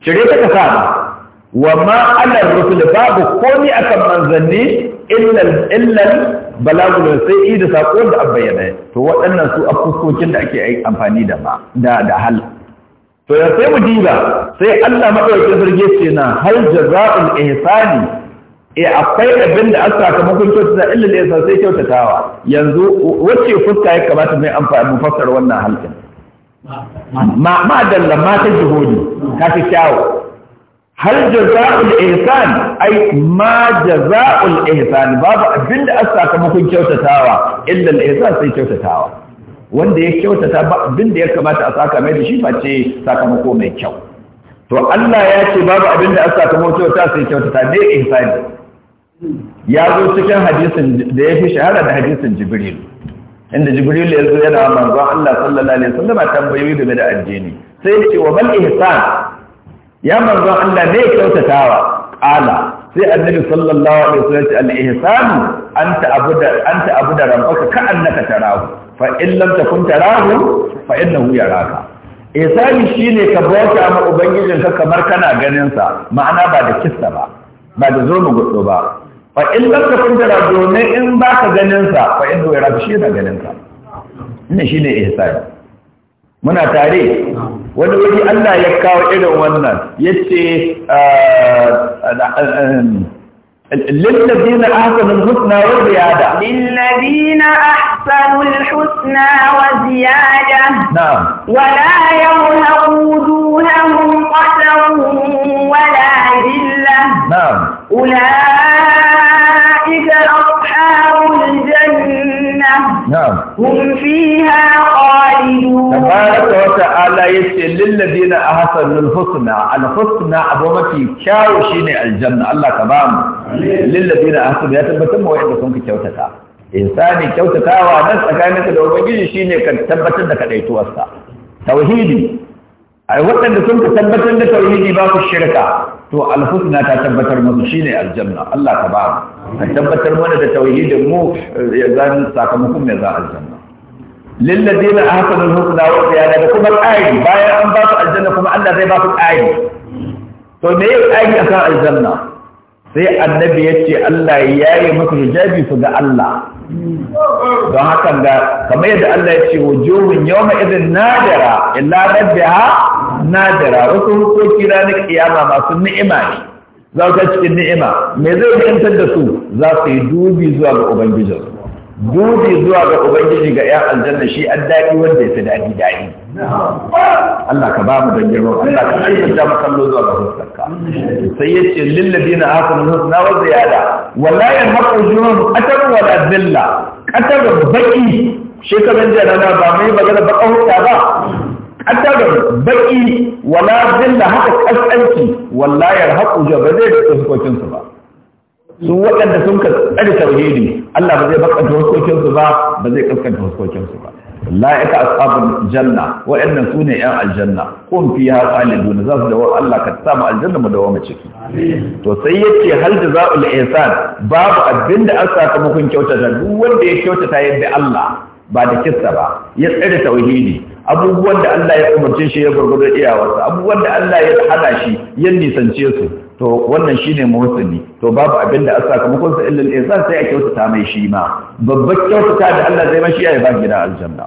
شريكة كسابة wa ma ala babu komi akan manzanni illan illal balagul sai da sako da bayyana to waɗannan su afuskokin da ake amfani da ma da hal to ya sai mu diba sai Allah madaukakin sarki ce na har jazaa'ul ihsani e akwai abin da aka sakamakon kyautata illal ihsan sai kyautatawa yanzu wacce fuska ya kamata mai amfani mu fassara wannan halin ma ma dalla ma ta jihodi ka fi kyawu hal jaza'ul ihsan ai ma jaza'ul ihsan babu abinda a sakamakon kyautatawa illa al ihsan sai kyautatawa wanda ya kyautata ba abinda ya kamata a saka mai da shi face sakamako mai kyau to Allah ya ce babu abinda as sakamakon kyautata sai kyautata dai ihsani ya zo cikin hadisin da ya fi shahara da hadisin Jibril inda Jibril ya zo yana manzon Allah sallallahu alaihi wasallam tambayoyi game da addini sai ya ce wa bal ihsan ya manzon Allah ne kyautatawa ala sai annabi sallallahu alaihi wasallam al-ihsan anta abuda anta abuda rabbaka ka annaka tarahu fa in lam takun tarahu fa innahu yaraka ihsani shine ka bauta ma ubangijin ka kamar kana ganin sa ma'ana ba da kissa ba ba da zurmi gudu ba fa in lam takun tarahu domin in baka ganin sa fa innahu yaraka shi da ganin ka ne shine ihsani muna tare wani waje Allah ya kawo irin wannan yace للذين أحسن الحسنى والزيادة للذين أحسنوا الحسنى وزيادة نعم ولا يرهق وجوههم قتر ولا ذلة نعم أولئك أصحاب نعم هم فيها خالدون تبارك وتعالى يسأل للذين أحسنوا الحسنى الحسنى أبو مكي كاو شيني الجنة الله كبام للذين أحسنوا يا تبتم وإحدى سنك كوتتا إنساني كوتتا ونس أكانك لو بجي شيني كتبتن كديتوستا توحيدي أي وقت أن سنك تبتن توحيدي باكو الشركة to alhusna ta tabbatar musu shine aljanna Allah ka ba ta tabbatar mana da tauhidin mu ya zan sakamakon mai za aljanna lilladina ahsanu alhusna wa ziyada da kuma ƙari bayan an ba su aljanna kuma Allah zai ba su ƙari to me yake ƙari akan aljanna sai annabi ya ce Allah ya yi maka hijabi su ga Allah don haka ga kamar yadda Allah ya ce wujuhun yauma idin nadara illa ha nadara wasu hukoki ranar kiyama masu ni'ima ne za su cikin ni'ima me zai fahimtar da su za su yi dubi zuwa ga ubangijin dubi zuwa ga ubangiji ga 'yan aljanna shi an daɗi wanda ya fi daɗi daɗi Allah ka ba mu da girma Allah ka aikata makallo zuwa ga fuskarka sai ya ce lillabina akan na wa ziyada wala yamqu jurun atar wala dhilla atar baki shekarun jana na ba mai magana ba kauta ba atar baki wala dhilla haka kasanci wallahi yarhaqu ba zai hukuncin su ba su waɗanda sun ka tsare tauhidi Allah ba zai bakanta hukuncin ba ba zai kaskanta hukuncin ba la'ika asabun janna wa'annan sune yan aljanna kun fiha na za su dawo Allah ka samu mu aljanna mu dawo ciki to sai yace hal jazaul ihsan babu abinda an sakamakon kyautata duk wanda ya kyautata yadda Allah ba da kissa ba ya tsare tauhidi abubuwan da Allah ya umarce shi ya gurgurdo iyawarsa abubuwan da Allah ya hada shi ya nisance su to wannan shine muhsini to babu abin da asa kuma sa illa al-ihsan sai a kyautata mai shi ma babbar kyautata da Allah zai mashi ya ba gida aljanna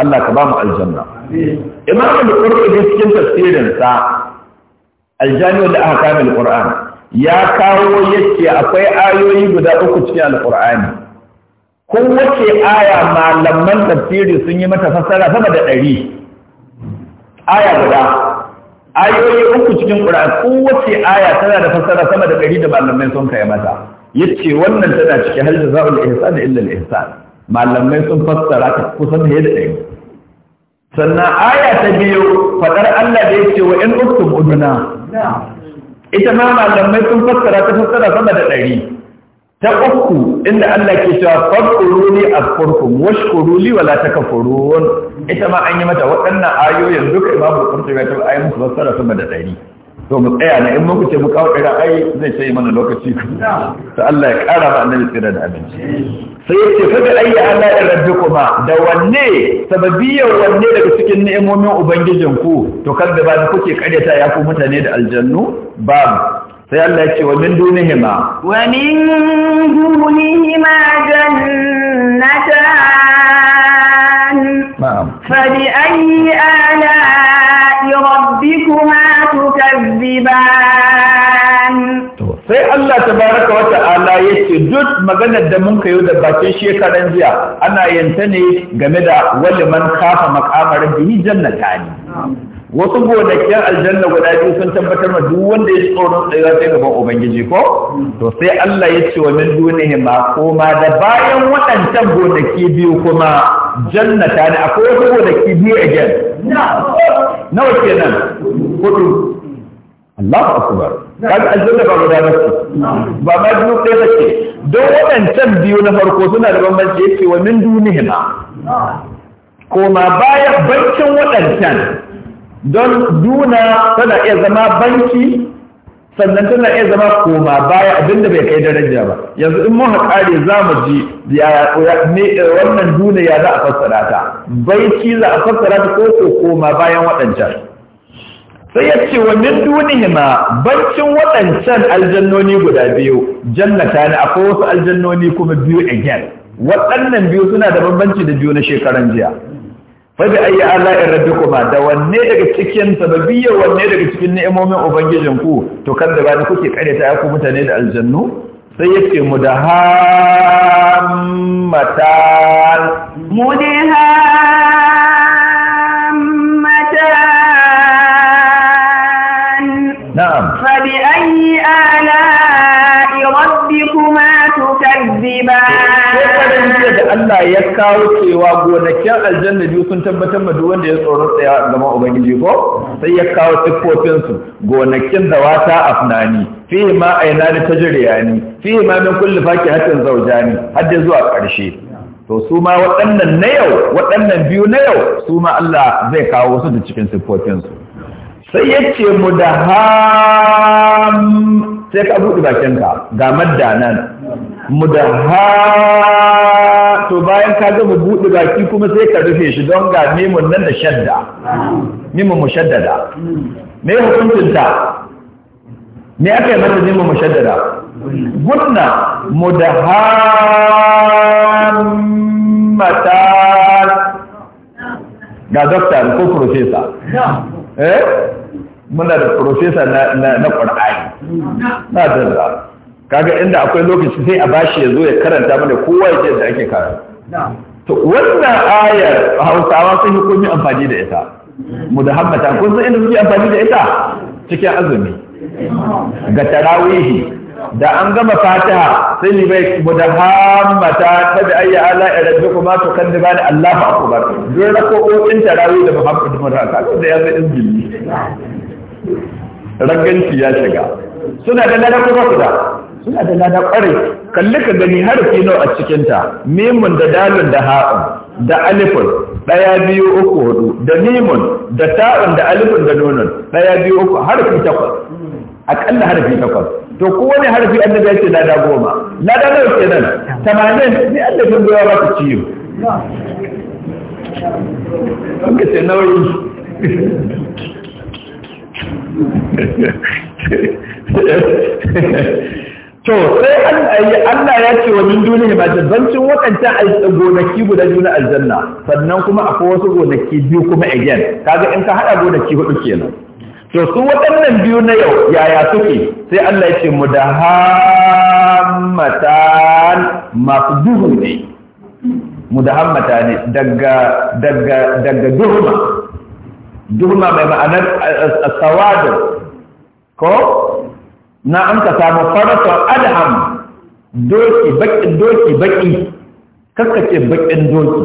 Allah ka ba mu aljanna imam al-qurtubi cikin tafsirin sa aljami da aka kamil qur'an ya kawo yake akwai ayoyi guda uku cikin al-qur'ani wace aya malaman tafsiri sun yi mata fassara sama da ɗari aya guda ayoyi uku cikin Qur'an kowace aya tana da fassara sama da ɗari da malamai sun kai mata ce wannan tana cikin a jazaul da illa al malamai sun fassara ta kusan da yadda ɗaya sannan aya ta biyu faɗar Allah da ya ce wa in uktum uduna ita ma malamai sun fassara ta fassara sama da ɗari. ta uku inda Allah ke cewa fadkuruni azkurkum washkuruli wala takfurun ita ma an yi mata waɗannan ayoyin duka imamu qurtubi ya tabbata ayoyin su fassara sama da dari to mu tsaya na in muku ce mu kawo ɗaya ai zai sai mana lokaci To Allah ya ƙara ma annabi tsira da abinci sai ya ce faga ayya ala ya rabbi kuma da wanne sababiyar wanne daga cikin ni'imomin ubangijinku to kan da ba kuke karyata ya ku mutane da aljannu ba. sai Allah ya ce wa min dunihima wa min dunihima jannatan na'am fa bi ayyi ala'i rabbikuma tukazziban to sai Allah tabaraka wa ta'ala yace duk maganar da mun kayo da bakin shekaran jiya ana yanta ne game da waliman kafa maqamar bihi jannatani wasu gonakin aljanna guda biyu sun tabbatar ma duk wanda ya tsoron tsayuwa sai gaban ubangiji ko to sai Allah ya ce wa min dunihi ma koma da bayan waɗancan gonaki biyu kuma jannata ne akwai wasu gonaki biyu a gen nawa kenan hudu Allahu akbar kaga aljanna ba guda ba ba ma biyu ɗaya ba ce don waɗancan biyu na farko suna da bambanci ya ce wa min dunihi ma koma bayan bancin waɗancan don duna tana iya zama banki sannan tana iya zama koma baya abinda bai kai daraja ba yanzu in mun haƙare za mu ji wannan duna ya za a fassara ta banki za a fassara ta ko ko koma bayan waɗancan sai ya ce wa min dunihima bancin waɗancan aljannoni guda biyu jannata ne akwai wasu aljannoni kuma biyu again waɗannan biyu suna da bambanci da biyu na shekaran jiya Fabi ayi ala in rabbi kuma da wanne daga cikin sababiyya wanne daga cikin ni'imomin ubangijin ku to kan da bani kuke kare ta ku mutane da aljannu sai yace mudahammatan mudahammatan na'am fabi ayi ala rabbikuma tukazziban da Allah ya kawo cewa gonakin aljanna biyu sun tabbatar da wanda ya tsoro tsaya gama ubangiji ko sai ya kawo siffofinsu su gonakin da wata afnani fi ma aina da ne fi ma min kulli fakihatin zawjani har da zuwa ƙarshe to su ma waɗannan na yau waɗannan biyu na yau su ma Allah zai kawo su da cikin siffofinsu su sai yace ce mu da ham sai ka buɗe bakinka ga madda nan mu da ham to bayan ka gama buɗe baki kuma sai ka rufe shi don ga mimun nan da shadda mimun mushaddada me hukuncin ta me aka yi mata mimun mushaddada gunna mudahammata ga doktor ko professor eh muna da professor na na na Qur'ani kaga inda akwai lokaci sai a bashi ya zo ya karanta mana kowa ya ce da ake karanta to wannan ayar hausawa sun yi kun yi amfani da ita mu da hammata kun san inda suke amfani da ita cikin azumi ga tarawihi da an gama fatiha sai ni bai mu da hammata ta da ayya ala irabbi kuma to kan diba ni Allahu akbar duk in tarawih da muhammadu madaka da ya zai izini raganci ya shiga suna da lalaka ba su da suna da lada kware kalli ka gani harfi nau a cikinta mimun da dalin da ha'un da alifun ɗaya biyu uku hudu da mimun da ta'un da alifun da nonon ɗaya biyu uku harfi takwas aƙalla harfi takwas to kowane harfi an ya ce lada goma lada nawa nan tamanin ne allafin gowa ba su ciyo Kuka to sai Allah ya ce wa min dunihi ma bancin wakancan gonaki guda biyu na aljanna sannan kuma akwai wasu gonaki biyu kuma again kaga in ka hada gonaki hudu kenan to su waɗannan biyu na yau yaya suke sai Allah ya ce mudahammatan masu duhu ne mudahammata ne daga daga daga duhuma duhuma mai ma'anar sawadin ko na an ka samu farasar adham doki bakin doki baki ce bakin doki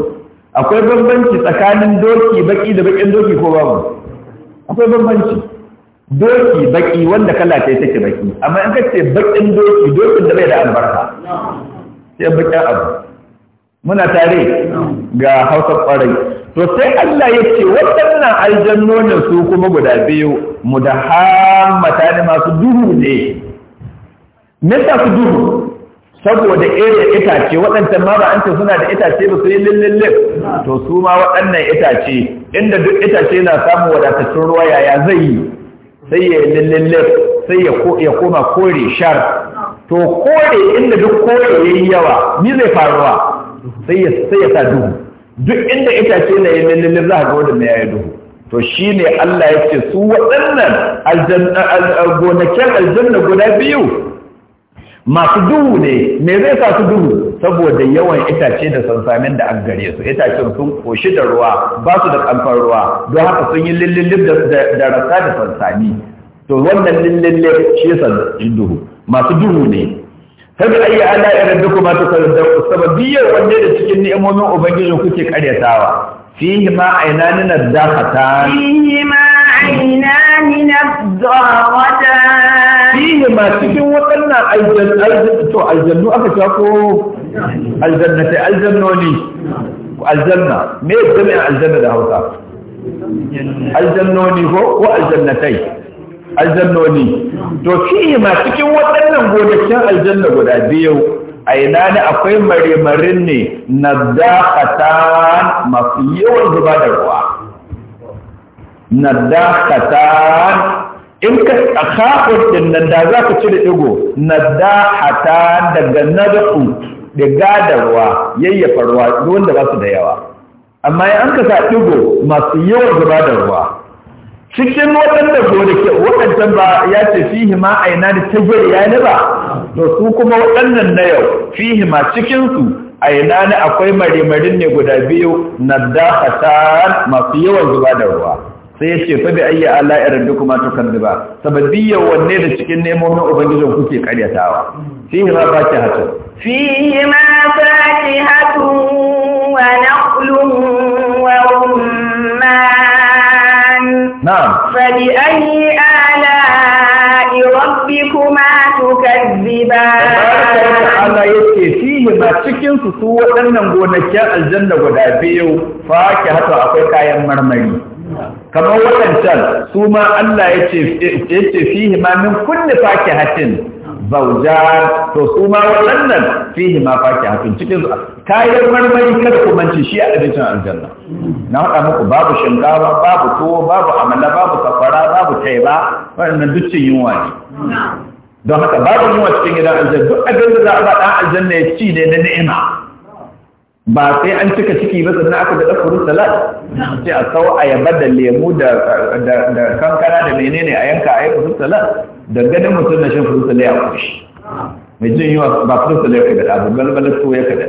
akwai bambanci tsakanin doki baki da bakin doki ko babu akwai bambanci doki baki wanda kala ta take baki amma in kace bakin doki dokin da bai da albarka sai bakin abu muna tare ga hausa kwarai to sai Allah ya ce waɗannan aljannonin su kuma guda biyu mu da hammata ne masu duhu ne me su duhu saboda irin itace waɗannan ma ba an ce suna da itace ba su yi lillillin to su ma waɗannan itace inda duk itace na samun wadatattun ruwa yaya zai yi sai ya yi lillillin sai ya koma kore shar to kore inda duk kore ya yi yawa ni zai faruwa sai ya sa duhu duk inda itace na yi lalle za ga wurin na yayi duhu to shi ne Allah ya ce su waɗannan gonakin aljanna guda biyu masu duhu ne me zai sa su duhu saboda yawan itace da sansamin da an gare su itacen sun koshi da ruwa ba su da kamfan ruwa don haka sun yi lillillib da rasa da sansami to wannan lillillib shi yasa duhu masu duhu ne ta bi ayi ala ya rabbi kuma ta sadda sababiyar wanne da cikin ni'imomin ubangijin kuke karyatawa fihi ma ni ainani nadafata fihi ma ni ainani nadafata fihi ma cikin waɗannan aljannu to aljannu aka sha ko aljannatai aljannoni aljanna me ya zama aljanna da hausa aljannoni ko ko aljannatai aljannoni to shi ma cikin waɗannan gonakin aljanna guda biyu a ina ne akwai marimarin ne na dakata masu yawan zuba da ruwa na dakata in ka tsakakon din nan da za ka cire ɗigo na dakata daga nadaku diga da ruwa yayyafa ruwa don da ba su da yawa amma in an ka sa ɗigo masu yawan zuba da ruwa cikin waɗanda ke waɗancan ba ya ce fihi ma aina da tajar ya ne ba to su kuma waɗannan na yau fihi ma cikinsu aina ne akwai marimarin ne guda biyu na dafata masu yawan zuba da ruwa sai ya ce fa bi ayya ala irin duk ma to kan zuba sababiyar wanne da cikin nemo na ubangijin kuke karyatawa fihi ma hatu fihi ma hatu wa naqlun نعم فبأي آلاء ربكما تكذبان Allah ya ce fihi ma cikin su su waɗannan gonakin aljanna guda biyu fa ke haka akwai kayan marmari kamar waɗancan su ma Allah ya ce fihi ma min kulli fakihatin Zaujar to su ma waɗannan fihi ma faki hatun cikin su kayan marmari kada ku manci shi a abincin aljanna na haɗa muku babu shinkafa babu tuwo babu amala babu sakwara babu taiba wannan duk cin yunwa ne don haka babu yunwa cikin gidan aljanna duk abin da za a ba ɗan aljanna ya ci ne na ni'ima ba sai an cika ciki ba sannan aka daɗa furu salat sai a sau yaba da lemu da kankana da menene a yanka a yi furu salat dangane mutum na shan furu salat ya kushi mai jin yiwa ba furu salat ya kada abu galbalar to ya kada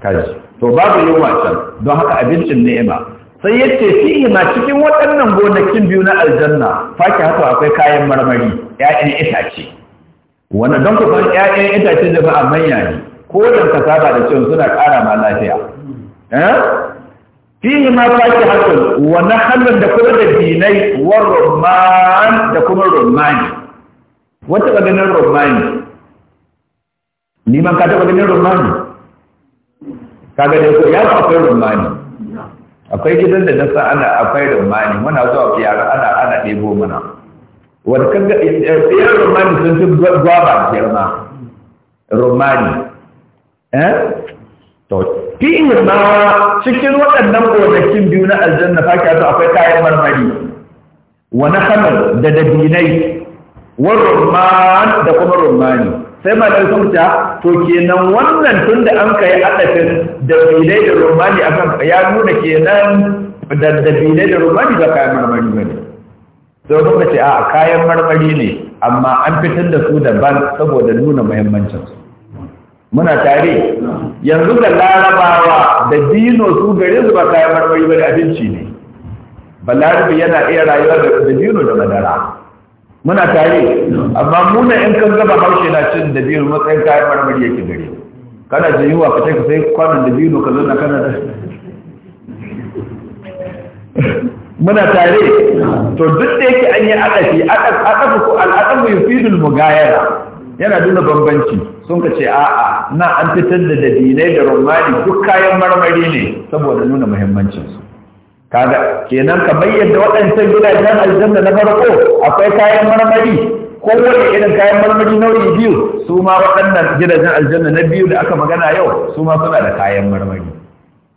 kaji to babu yunwa can don haka abincin ni'ima sai ya ce fihi ma cikin waɗannan gonakin biyu na aljanna faki haka akwai kayan marmari 'ya'yan itace wannan don ku san 'ya'yan itace da ba a manya ne ko ka saba da cin suna ƙara ma lafiya eh fihi ma faki hakun wani hannun da kuma da dinai wa Roman da kuma Romani. wata ganin Romani? liman ka taɓa ganin Romani? ka gane ko ya akwai Romani? akwai gidan da nasa ana akwai Romani? muna zuwa fiyara ana ana ɗebo mana wadda kan ga tsayar eh, eh, rummani sun fi gwaba girma Romani. Eh? to fi'in ma cikin waɗannan gonakin biyu na aljanna faki su akwai kayan marmari wa nahal da dabinai wa rumman da kuma rumani. sai ma dai kuma to kenan wannan tunda an kai adafin dabinai da rummani akan ya nuna kenan da dabinai da rumani ba kayan marmari ne. to kuma ce a kayan marmari ne amma an fitar da su daban saboda nuna muhimmancinsu muna tare yanzu da larabawa da dino su gare su ba kayan marmari ba da abinci ne larabi yana iya rayuwa da dino da madara muna tare amma muna in kan gaba haushe na cin da dino matsayin kayan marmari yake gare kana da yiwa ka ka sai kwanan da dino ka zo na kana da muna tare to duk da yake an yi adafi adafi ko al'adamu yufidul mugayara yana nuna bambanci sun ka ce a'a na an fitar da dadinai da rumani duk kayan marmari ne saboda nuna muhimmancinsu kaga kenan ka bayyana waɗancan gidajen aljanna na farko akwai kayan marmari kowane irin kayan marmari nau'i biyu su ma waɗannan gidajen aljanna na biyu da aka magana yau su ma suna da kayan marmari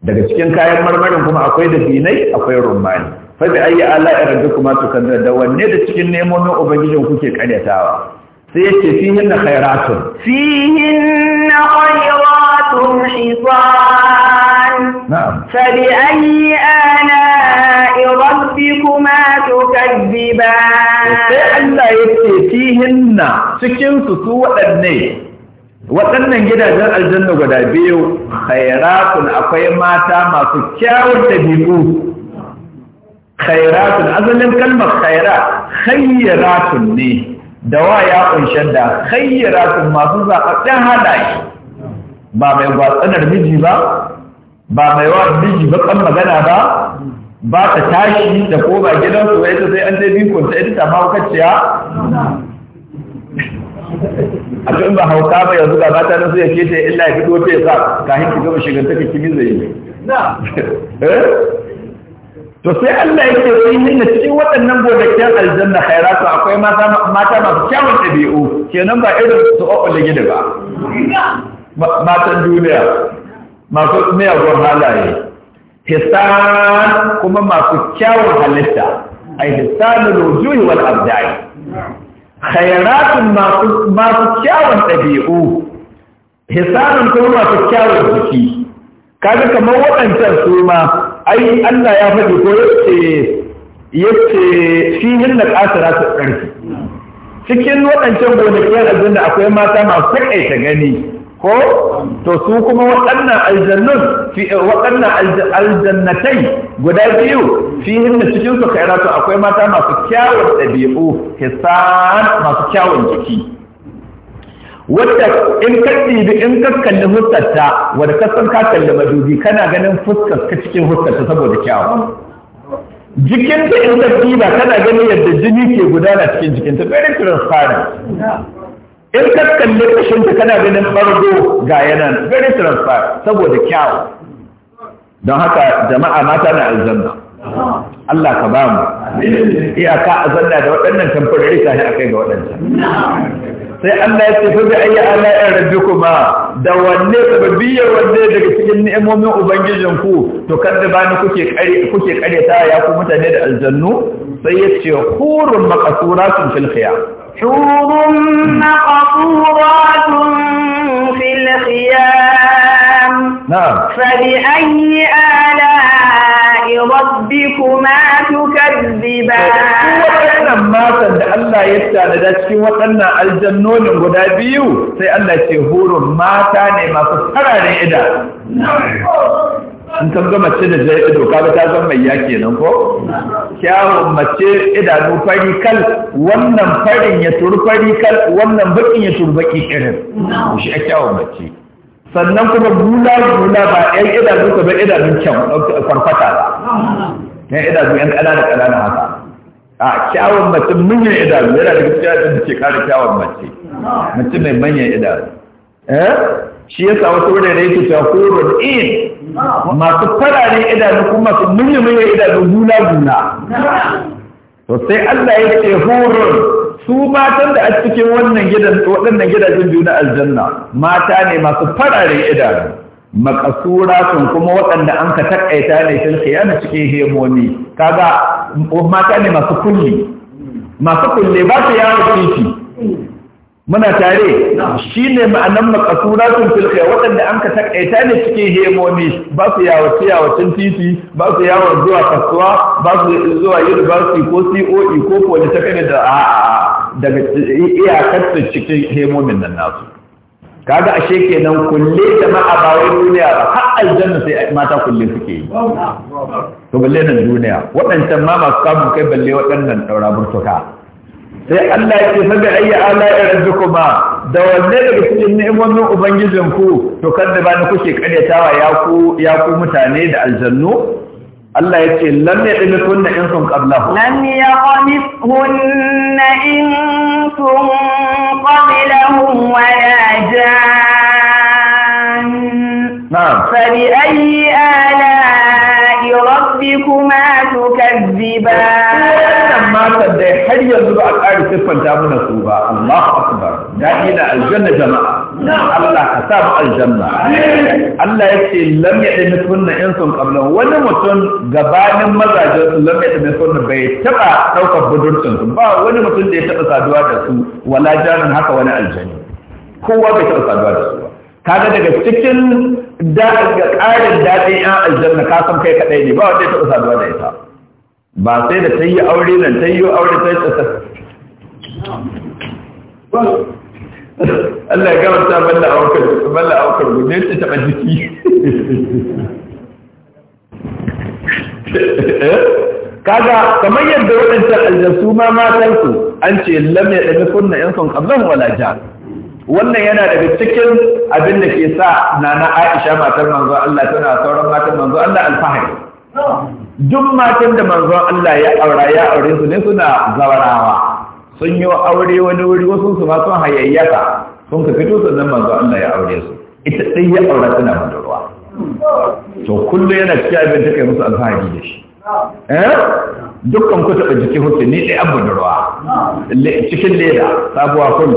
daga cikin kayan marmarin kuma akwai dabinai akwai rumani fa bi ayyi ala'i irin kuma da wanne da cikin nemomin ubangijin kuke karyatawa سيكي فيهن خيرات فيهن خيرات حصان نعم فبأي آلاء ربكما تكذبان فعلا يكي فيهن سكين سسوة أدني وأن جدا جل الجنة قد أبيو خيرات أقوي ما تاما سكاو خيرات خيرات خيرات da wa ya kunshe da khayyaratun masu zaɓaɓɓen halaye ba mai gwatsanar miji ba ba mai wa miji ba kan magana ba ba ta tashi da ko ba gidansu ba ita sai an dai bikon ta ita ta mahaukaciya a tun ba hauka ba yanzu ga mata nasu ya ta illa ya fito ta ya sa kahin ki gama shigar take kimi zai yi to sai Allah yake yi min da cikin waɗannan gonakin aljanna khairatu akwai mata mata masu kyawun ɗabi'u kenan ba irin su ƙwaƙwa da gida ba matan duniya masu miyagun halaye hisan kuma masu kyawun halitta ai hisanul wujuhi wal abdai khairatun masu masu kyawun ɗabi'u hisanun kuma masu kyawun jiki kaga kamar waɗancan su ma ai Allah ya faɗi ko yace yace fihin na kasara ta ƙarfi cikin waɗancan gonakin aljanna akwai mata masu ta gani ko to su kuma waɗannan aljannun waɗannan aljannatai guda biyu fihin da cikin su akwai mata masu kyawun ɗabi'u hisan masu kyawun jiki Wadda in ka ɗibi in ka kalli fuskarta wadda ka san ka kalli madubi kana ganin fuskar ka cikin fuskarta saboda kyawu jikinta in ka ɗiba kana ganin yadda jini ke gudana cikin jikinta very transparent in ka kalli kashinta kana ganin bargo ga yanan very transparent saboda kyawu don haka jama'a mata na aljanna Allah ka ba mu iyaka azanna da waɗannan tamfarari ta ne kai ga waɗannan sai Allah ya ce fa ayi ala rabbikuma da wanne sababiyar wanne daga cikin ni'imomin ubangijin ku to kada bani kuke kare kuke kare ta ya ku mutane da aljannu sai ya ce hurun maqsuratun fil khiyam hurun maqsuratun fil khiyam na'am fa bi ayi ala ولربكما تكذبان waɗannan matan da Allah ya da cikin waɗannan aljannonin guda biyu sai Allah ce hurun mata ne masu fararen ida in kan ga mace da zai ido kaga ta zama mai yake nan ko kyawun mace idanu fari kal wannan farin ya turu fari kal wannan bakin ya turu baki irin shi a kyawun mace sannan kuma gula gula ba ɗan idanu ka bai idanun kyau kwarkwata ba ɗan idanu yan ƙanana ƙanana haka a kyawun mace manyan idanu yana da gaskiya da ke kare kyawun mace mace mai manyan idanu eh shi ya sa wasu wurare yake cewa horon in masu fararen idanu kuma masu manyan manyan idanu gula gula to sai Allah ya ce horon su matan da a cikin wannan gidan waɗannan gidajen biyu na aljanna mata ne masu fararen idanu sun kuma waɗanda an ka takaita ne fil khiyana cikin hemoni kaga mata ne masu kulli masu kulli ba su yawo titi muna tare shi ne ma'anan sun filka waɗanda an ka takaita ne cikin hemomi ba su yawace yawacin titi ba su yawon zuwa kasuwa ba su zuwa university ko coe ko polytechnic da daga iyakar cikin hemomin nan nasu kaga ashe kenan kulle jama'a ba wai duniya ba har aljanna sai mata kulle suke yi to balle nan duniya waɗancan ma masu samun kai balle waɗannan ɗaura burtuka sai Allah ya ce sabi ayya ala rabbikuma da wanne daga cikin ni'imomin ubangijin ku to kada ba ni kuke karyatawa ya ku ya ku mutane da aljannu Allah ya ce lam yaqmithunna insun qablahu lam yaqmithunna insun qablahum wa la jan na'am fa bi ayyi ala ربكما تكذبان ما تدى هل يزبع الآن سفن تامنا سوبا الله أكبر دائنا الجنة جماعة الله حساب الجنة الله يكفي لم يتمثلن إنسان قبل ونمتن قبال مزاجة لم يتمثلن بيتبع توقف بدرسن سوبا ونمتن دي تقصى دواجة سوبا ولا جانا هكا ولا الجنة هو بيتقصى دواجة kaga daga cikin ƙarin daɗin ‘yan aljanna ka san kai kaɗai ne ba wanda ya taɓa saduwa da ita ba sai da ta yi aure nan ta yi aure ta yi tsasa Allah ya gama ta balla aukar balla aukar gudun ta taɓa jiki eh? kaga kamar yadda waɗancan aljansu ma matansu an ce lam ya ɗaga kunna ‘yan son ƙablan wala ja wannan yana daga cikin abin da ke sa nana Aisha matar manzon Allah tana sauran matan manzon Allah alfahari duk matan da manzon Allah ya aura ya aure su ne suna zawarawa sun yi aure wani wuri wasu su ma sun hayayyafa sun ka fito sannan manzon Allah ya aure su ita dai ya aura suna budurwa to kullum yana cikin abin da kai musu alfahari da shi eh dukkan ku taɓa jikin hukun ni ɗaya abu ruwa cikin leda sabuwa kun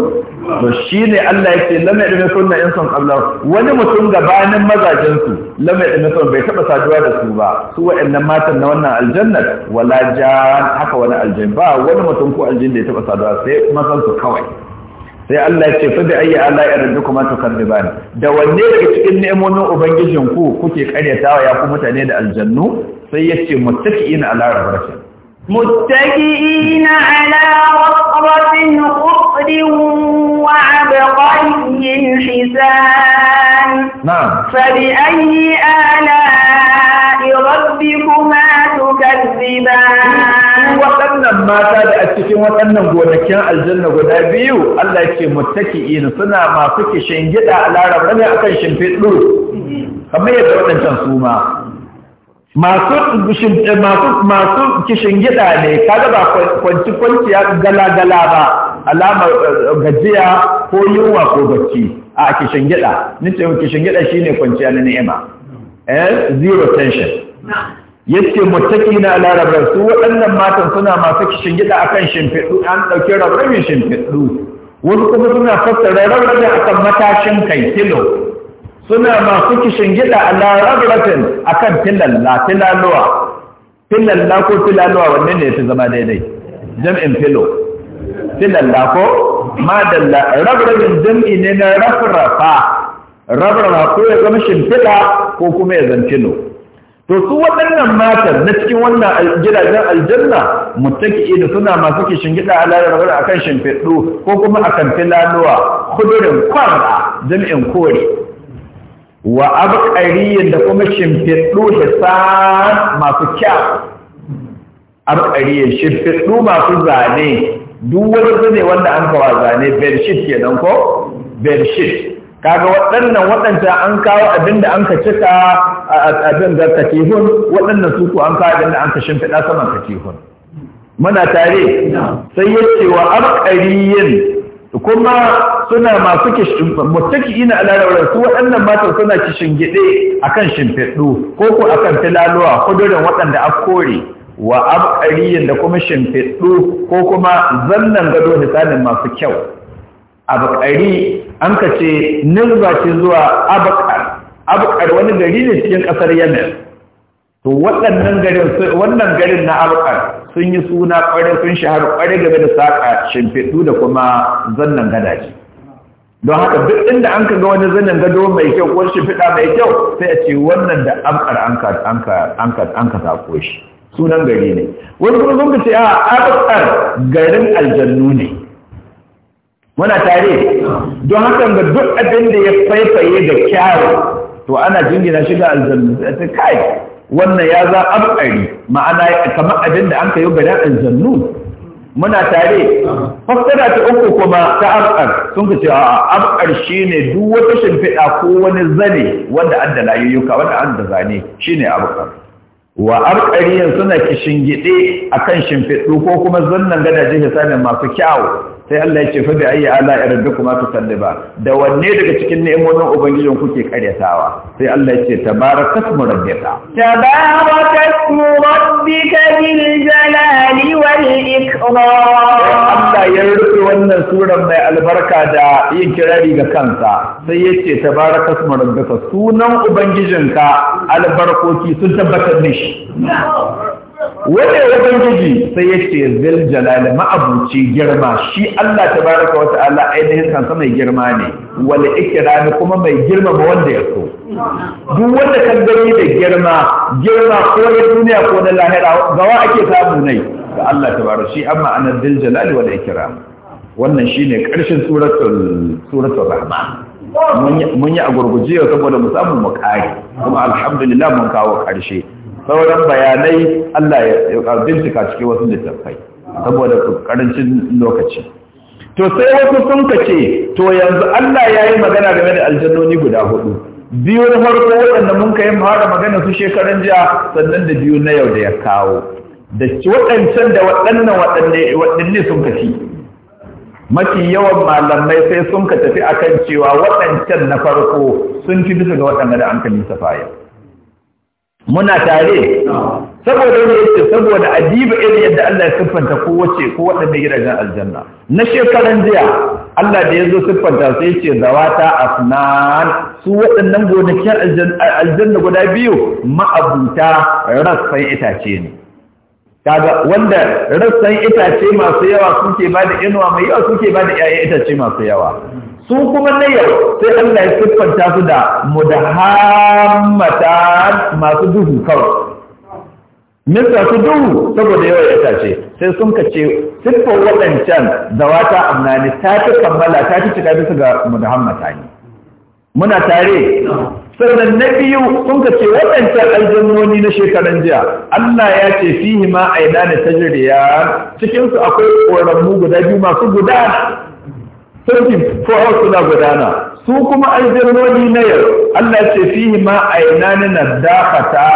to shi ne Allah ya ce lama ɗin sunna in son ƙabla wani mutum gabanin mazajensu lamai ɗin sun bai taɓa saduwa da su ba su waɗannan matan na wannan aljannar wala ja haka wani aljin ba wani mutum ko aljin da ya taɓa saduwa sai mazansu kawai sai Allah ya ce fa bi ayi ala yardu kuma tukadiban da wanne daga cikin ne'imomin ku, kuke karyatawa ya ku mutane da aljannu sai ya yace ina ala rabbikum متكئين على رطبة خضر وعبقري حسان نعم فبأي آلاء ربكما تكذبان waɗannan mata da a cikin waɗannan gonakin aljanna guda biyu Allah ya ce muttaki'in suna masu kishin gida a larabar ne akan shimfiɗu kamar yadda waɗancan su ma Eh, masu kishin gida ne kaga ba kwanci kwanci ya gala gala ba alamar eh, gajiya ko yunwa ko bacci a kishin gida nufin kishin gida shine kwanciya na ni'ima eh, zero tension yace muttaki na larabar su waɗannan matan suna masu kishin gida akan shimfiɗu an ɗauke rabarin shimfiɗu wasu kuma suna fassara rabrabin akan matashin kai kilo suna masu kishin gida a larabratin a kan filalla filalluwa. filalla ko filalluwa wanne ne fi zama daidai jam'in filo filalla ko madalla rabrabin jam'i ne na rafrafa rabraba ko ya zama fila, ko kuma ya zan filo to su waɗannan matan na cikin wannan gidajen aljanna mutaki ido suna masu kishin gida a a kan shimfiɗu ko kuma a kan filalluwa. kudurin kwarra jam'in kore wa abqariyin da kuma shimfiɗu hisan masu kya abqariyin shimfiɗu masu zane duk wani zane wanda an kawo zane bershit kenan ko bershit kaga waɗannan waɗanda an kawo abinda an ka cika abin da tihun waɗannan su ko an kawo abinda an ka shimfiɗa saman katihun muna tare sai yace wa abqariyin kuma suna masu muttaki'ina ina rawar su waɗannan matan suna kishin a akan shimfiɗu ko ko akan filaluwa kudurin waɗanda a kore wa abqariyin da kuma shimfiɗu ko kuma zannan gado hisanin masu kyau abqari an ka ce ce zuwa abqar wani gari ne cikin ƙasar Yemen to waɗannan garin wannan garin na alƙar sun yi suna kware sun shahara ƙware game da saƙa, shimfiɗu da kuma zannan gadaje don haka duk inda an kaga wani zannan gado mai kyau ko shimfiɗa mai kyau sai a ce wannan da amkar an ka anka anka sako shi sunan gari ne wani kuma sun ce a ah, alƙar garin aljannu ne muna tare don haka ga duk abin da ya faifaye da kyawu to ana jingina shiga aljannu sai kai wannan ya za abkari ma'ana kamar abin da an kayo gada an zannu muna tare fassara ta uku kuma ta ab'ar. sun ka ce a shi ne duk wata shimfiɗa ko wani zane wanda an da layuyyuka wanda an da zane shi ne ab'ar. wa abkariyan suna kishin gide a kan shimfiɗu ko kuma zannan gadaje sanin masu kyawu sai Allah ya ce fa bi ayi ala rabbikuma tusalliba da wanne daga cikin ni'imomin ubangijin kuke karyatawa sai Allah ya ce tabarakasmu rabbika tabarakasmu rabbika bil jalali wal ikram Allah ya rufe wannan surar mai albarka da yin kirari ga kansa sai ya ce tabarakasmu rabbika sunan ubangijinka albarkoki sun tabbatar da shi. wannan ubangiji sai ya ce zil ma'abuci girma shi Allah tabaraka wa ta'ala ainihin kansa mai girma ne wal ikram kuma mai girma ba wanda ya so duk wanda kan gani da girma girma ko na duniya ko na lahira gawa ake samu nai ga Allah tabaraka shi amma ana zil wani wal ikram wannan shine karshen suratul suratul mun yi a gurguje saboda mu samu mu kare kuma alhamdulillah mun kawo karshe sauran bayanai Allah ya bincika cikin wasu littattafai saboda karancin lokaci to sai wasu sun kace to yanzu Allah ya yi magana game da aljannoni guda hudu biyu na farko waɗanda mun kai fara magana su shekaran jiya sannan da biyu na yau da ya kawo da waɗancan da waɗannan waɗanne sun kaci mafi yawan malamai sai sun ka tafi akan cewa waɗancan na farko sun fi bisa ga waɗanda da an kalli safaya muna tare saboda ne yake saboda adiba irin yadda Allah ya siffanta ko wace ko waɗanda gidajen aljanna na shekaran jiya Allah da ya zo siffanta sai yace zawata asnan su waɗannan gonakin aljanna guda biyu ma'abuta rassan itace ne kaga wanda rassan itace masu yawa suke ba da inuwa mai yawa suke ba da ƴaƴan itace masu yawa su kuma na yau sai Allah ya siffanta su da mudahammata masu duhu kawai Mista su duhu saboda yawa ya tace sai sun kace siffar waɗancan zawata amnani ta fi kammala ta fi cika bisa ga Muhammad Muna tare, sannan na biyu sun kace waɗancan aljannoni na shekaran jiya, Allah ya ce fihi ma aina ne ta jiriya cikinsu akwai ƙoramu guda biyu masu guda. 24 suna gudana su kuma aljannoni na yau Allah ce fihi ma ainani nadafata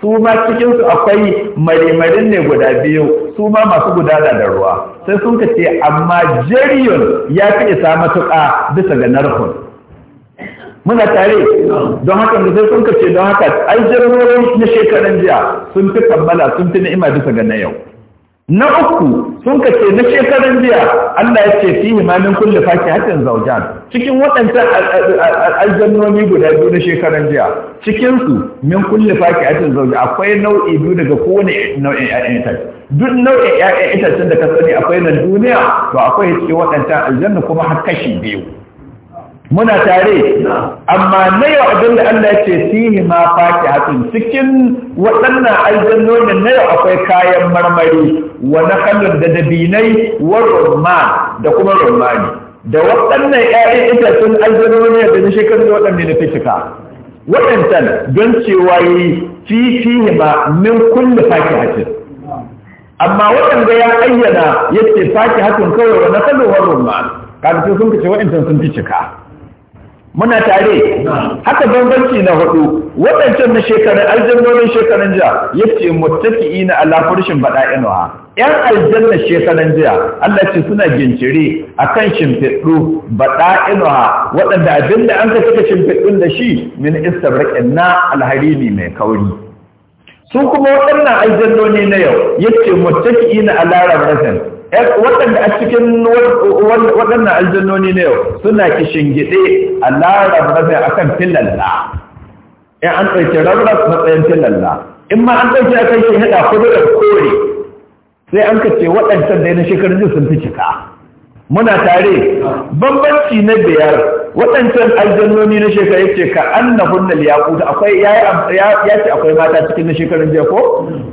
su ma cikinsu akwai marimarin ne guda biyu su ma masu gudana da ruwa sai sun ce amma jeriyon ya fi isa matuƙa bisa ga narkon muna tare don haka da sai sun ce don haka aljannoni na shekaran jiya sun fi kammala sun fi ni'ima bisa ga na yau na uku sun ka ce na shekaran jiya Allah ya ce fi himanin kulle faki hatin zaujan cikin waɗancan aljannomi guda biyu na shekaran jiya cikinsu min kulle faki hatin zaujan akwai nau'i biyu daga kowane nau'in ‘ya'yan itace duk nau'in ‘ya'yan itacen da ka sani akwai na duniya to akwai cikin waɗancan aljanna kuma har kashi biyu muna tare amma na yau abin da Allah ya ce sihi ma faki hatun cikin waɗannan aljannoni na yau akwai kayan marmari wa na kallon da dabinai wa roma da kuma romani. da waɗannan ƴaƴan itacen aljannoni da na shekaru da waɗanne na fitika waɗancan don cewa yi fi sihi ma min kulle faki hatun amma waɗanda ya ayyana yace faki hatun kawai wa kallon wa roma kafin sun kace waɗancan sun fi cika muna tare haka bambanci na hudu waɗancan na shekarun aljannonin shekarun jiya yace muttaki na ala furshin inuwa. yan aljanna shekarun jiya Allah ce suna gincire shimfiɗu baɗa inuwa, waɗanda abin da an ka saka da shi min istabraqin na alharimi mai kauri su kuma waɗannan aljannoni na yau yace muttaki na ala rabratin waɗanda a cikin waɗannan aljannoni ne suna kishin gide a larar a kan filalla in an ɗauki rarraf matsayin filalla in ma an ɗauki akan shi haɗa kudu da kore sai an ka ce waɗancan da na shekarun sun fi cika muna tare bambanci na biyar waɗancan aljannoni na shekara yace ka hunna liyaquta akwai ya ce akwai mata cikin na shekaran jiya ko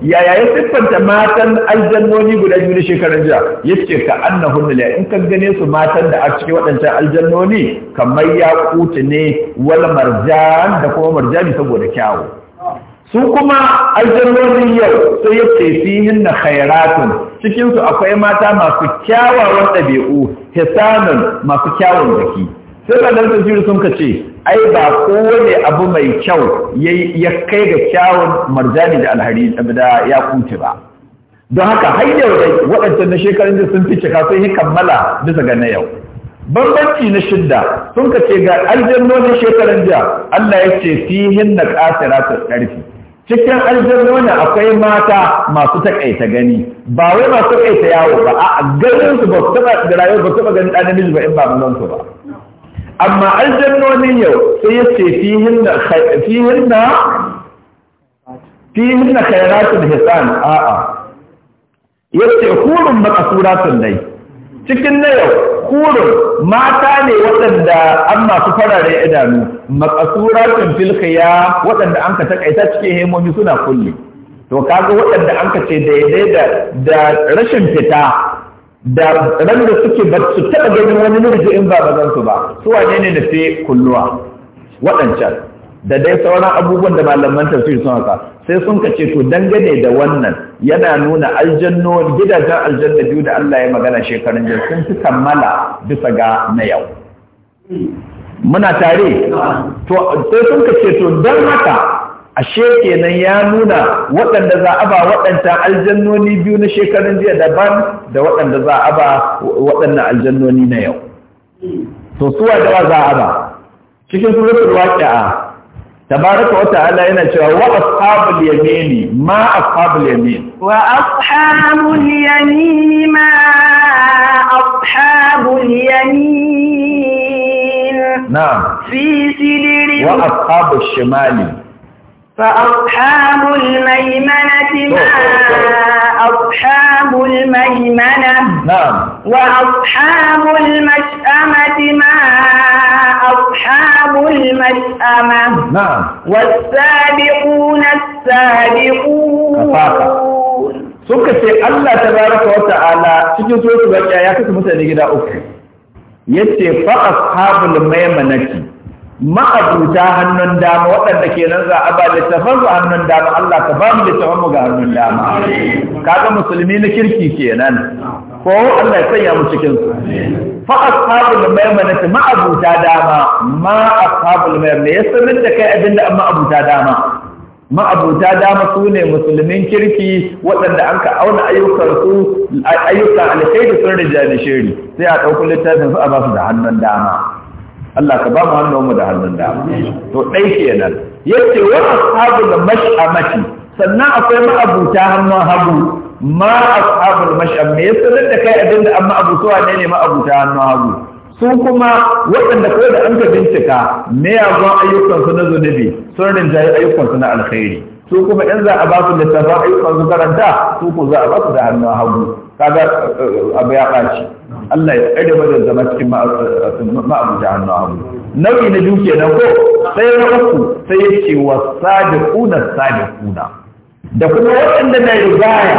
yaya ya siffanta matan aljannoni guda biyu na shekaran jiya yace ka hunna liya in ka gane su matan da a cikin waɗancan aljannoni kamar yaquta ne wala marjan da kuma marjani saboda kyawu su kuma aljannoni yau sai ya ce fihin na khairatun cikinsu akwai mata masu kyawawan ɗabi'u hisanun masu kyawun jiki sai dan tafsiri sun ka ce ai ba kowa ne abu mai kyau ya kai ga kyawun marjani da alhari da ya kunce ba don haka har yau dai waɗancan na shekarun da sun fice kafin ya kammala bisa ga na yau bambanci na shidda sun ka ce ga na shekarun da Allah ya ce fihin na ƙasira ta ƙarfi cikin aljannonin akwai mata masu taƙaita gani ba wai masu taƙaita yawo ba a ganin su ba su taɓa da ba su ba ganin ɗan namiji ba in ba mun ba amma aljannonin yau sai ya ce fihin na fihin hisan a'a ya ce makasuratun nai cikin na yau kurun mata ne waɗanda an masu farare idanu makasuratun filkiya waɗanda an ka takaita cikin hemomi suna kulle to kaga waɗanda an ka ce daidai da rashin fita da ran da suke ba su taɓa ganin wani murji in ba bazan su ba su wane ne fi kulluwa waɗancan da dai sauran abubuwan da malaman tafsir sun haka sai sun kace to dangane da wannan yana nuna aljanno gidajen aljanna biyu da Allah ya magana shekarun jiya sun fi kammala bisa ga na yau muna tare to sai sun kace to dan haka ashe kenan ya nuna waɗanda za a ba waɗancan aljannoni biyu na shekarun jiya daban da waɗanda za a ba waɗannan aljannoni na yau to suwa da za a ba cikin suratul waqi'a tabaraka wa ta'ala yana cewa wa ashabul yamini ma ashabul yamin wa ashabul yamini ma ashabul yamin na fi sidri wa ashabul shimali فأصحاب الميمنة ما أصحاب الميمنة نعم وأصحاب المشأمة ما أصحاب المشأمة نعم والسابقون السابقون suka ce Allah ta baraka wa ta'ala cikin suratul waqi'a ya kasa mutane gida uku yace fa ashabul maymanati ma'abuta hannun dama waɗanda ke nan za a ba littafan su hannun dama Allah ka ba mu littafan mu ga hannun dama kaga musulmi na kirki kenan ko Allah ya sanya mu cikin su fa ashabul maimana ma'abuta dama ma ashabul maimana ya sanin da kai abinda an ma'abuta dama ma'abuta dama su ne musulmin kirki waɗanda an ka auna ayyukansu ayyukan alkhairi sun rijani shiri sai a ɗauki littafin su a ba su da hannun dama Allah ka ba mu hannunmu da hannun dama to ɗai kenan yace wa ashabul mash'amati sannan akwai ma'abuta hannun hagu ma ashabul mash'am me yasa da kai abinda amma abutuwa ne ne ma'abuta hannun hagu su kuma waɗanda kawai da an ka bincika mayagun ayyukansu na zunubi sun rinjaye ayyukansu na alkhairi su kuma in za a ba su littafin ayyukan su karanta su ko za a ba su da hannun hagu kaga eh, abu ya ɓaci Allah ya tsare mu da zama cikin eh, ma'abu abu nau'i na duk kenan ko sai na uku sai ya ce wa kuna sada kuna da kuma waɗanda na rigaya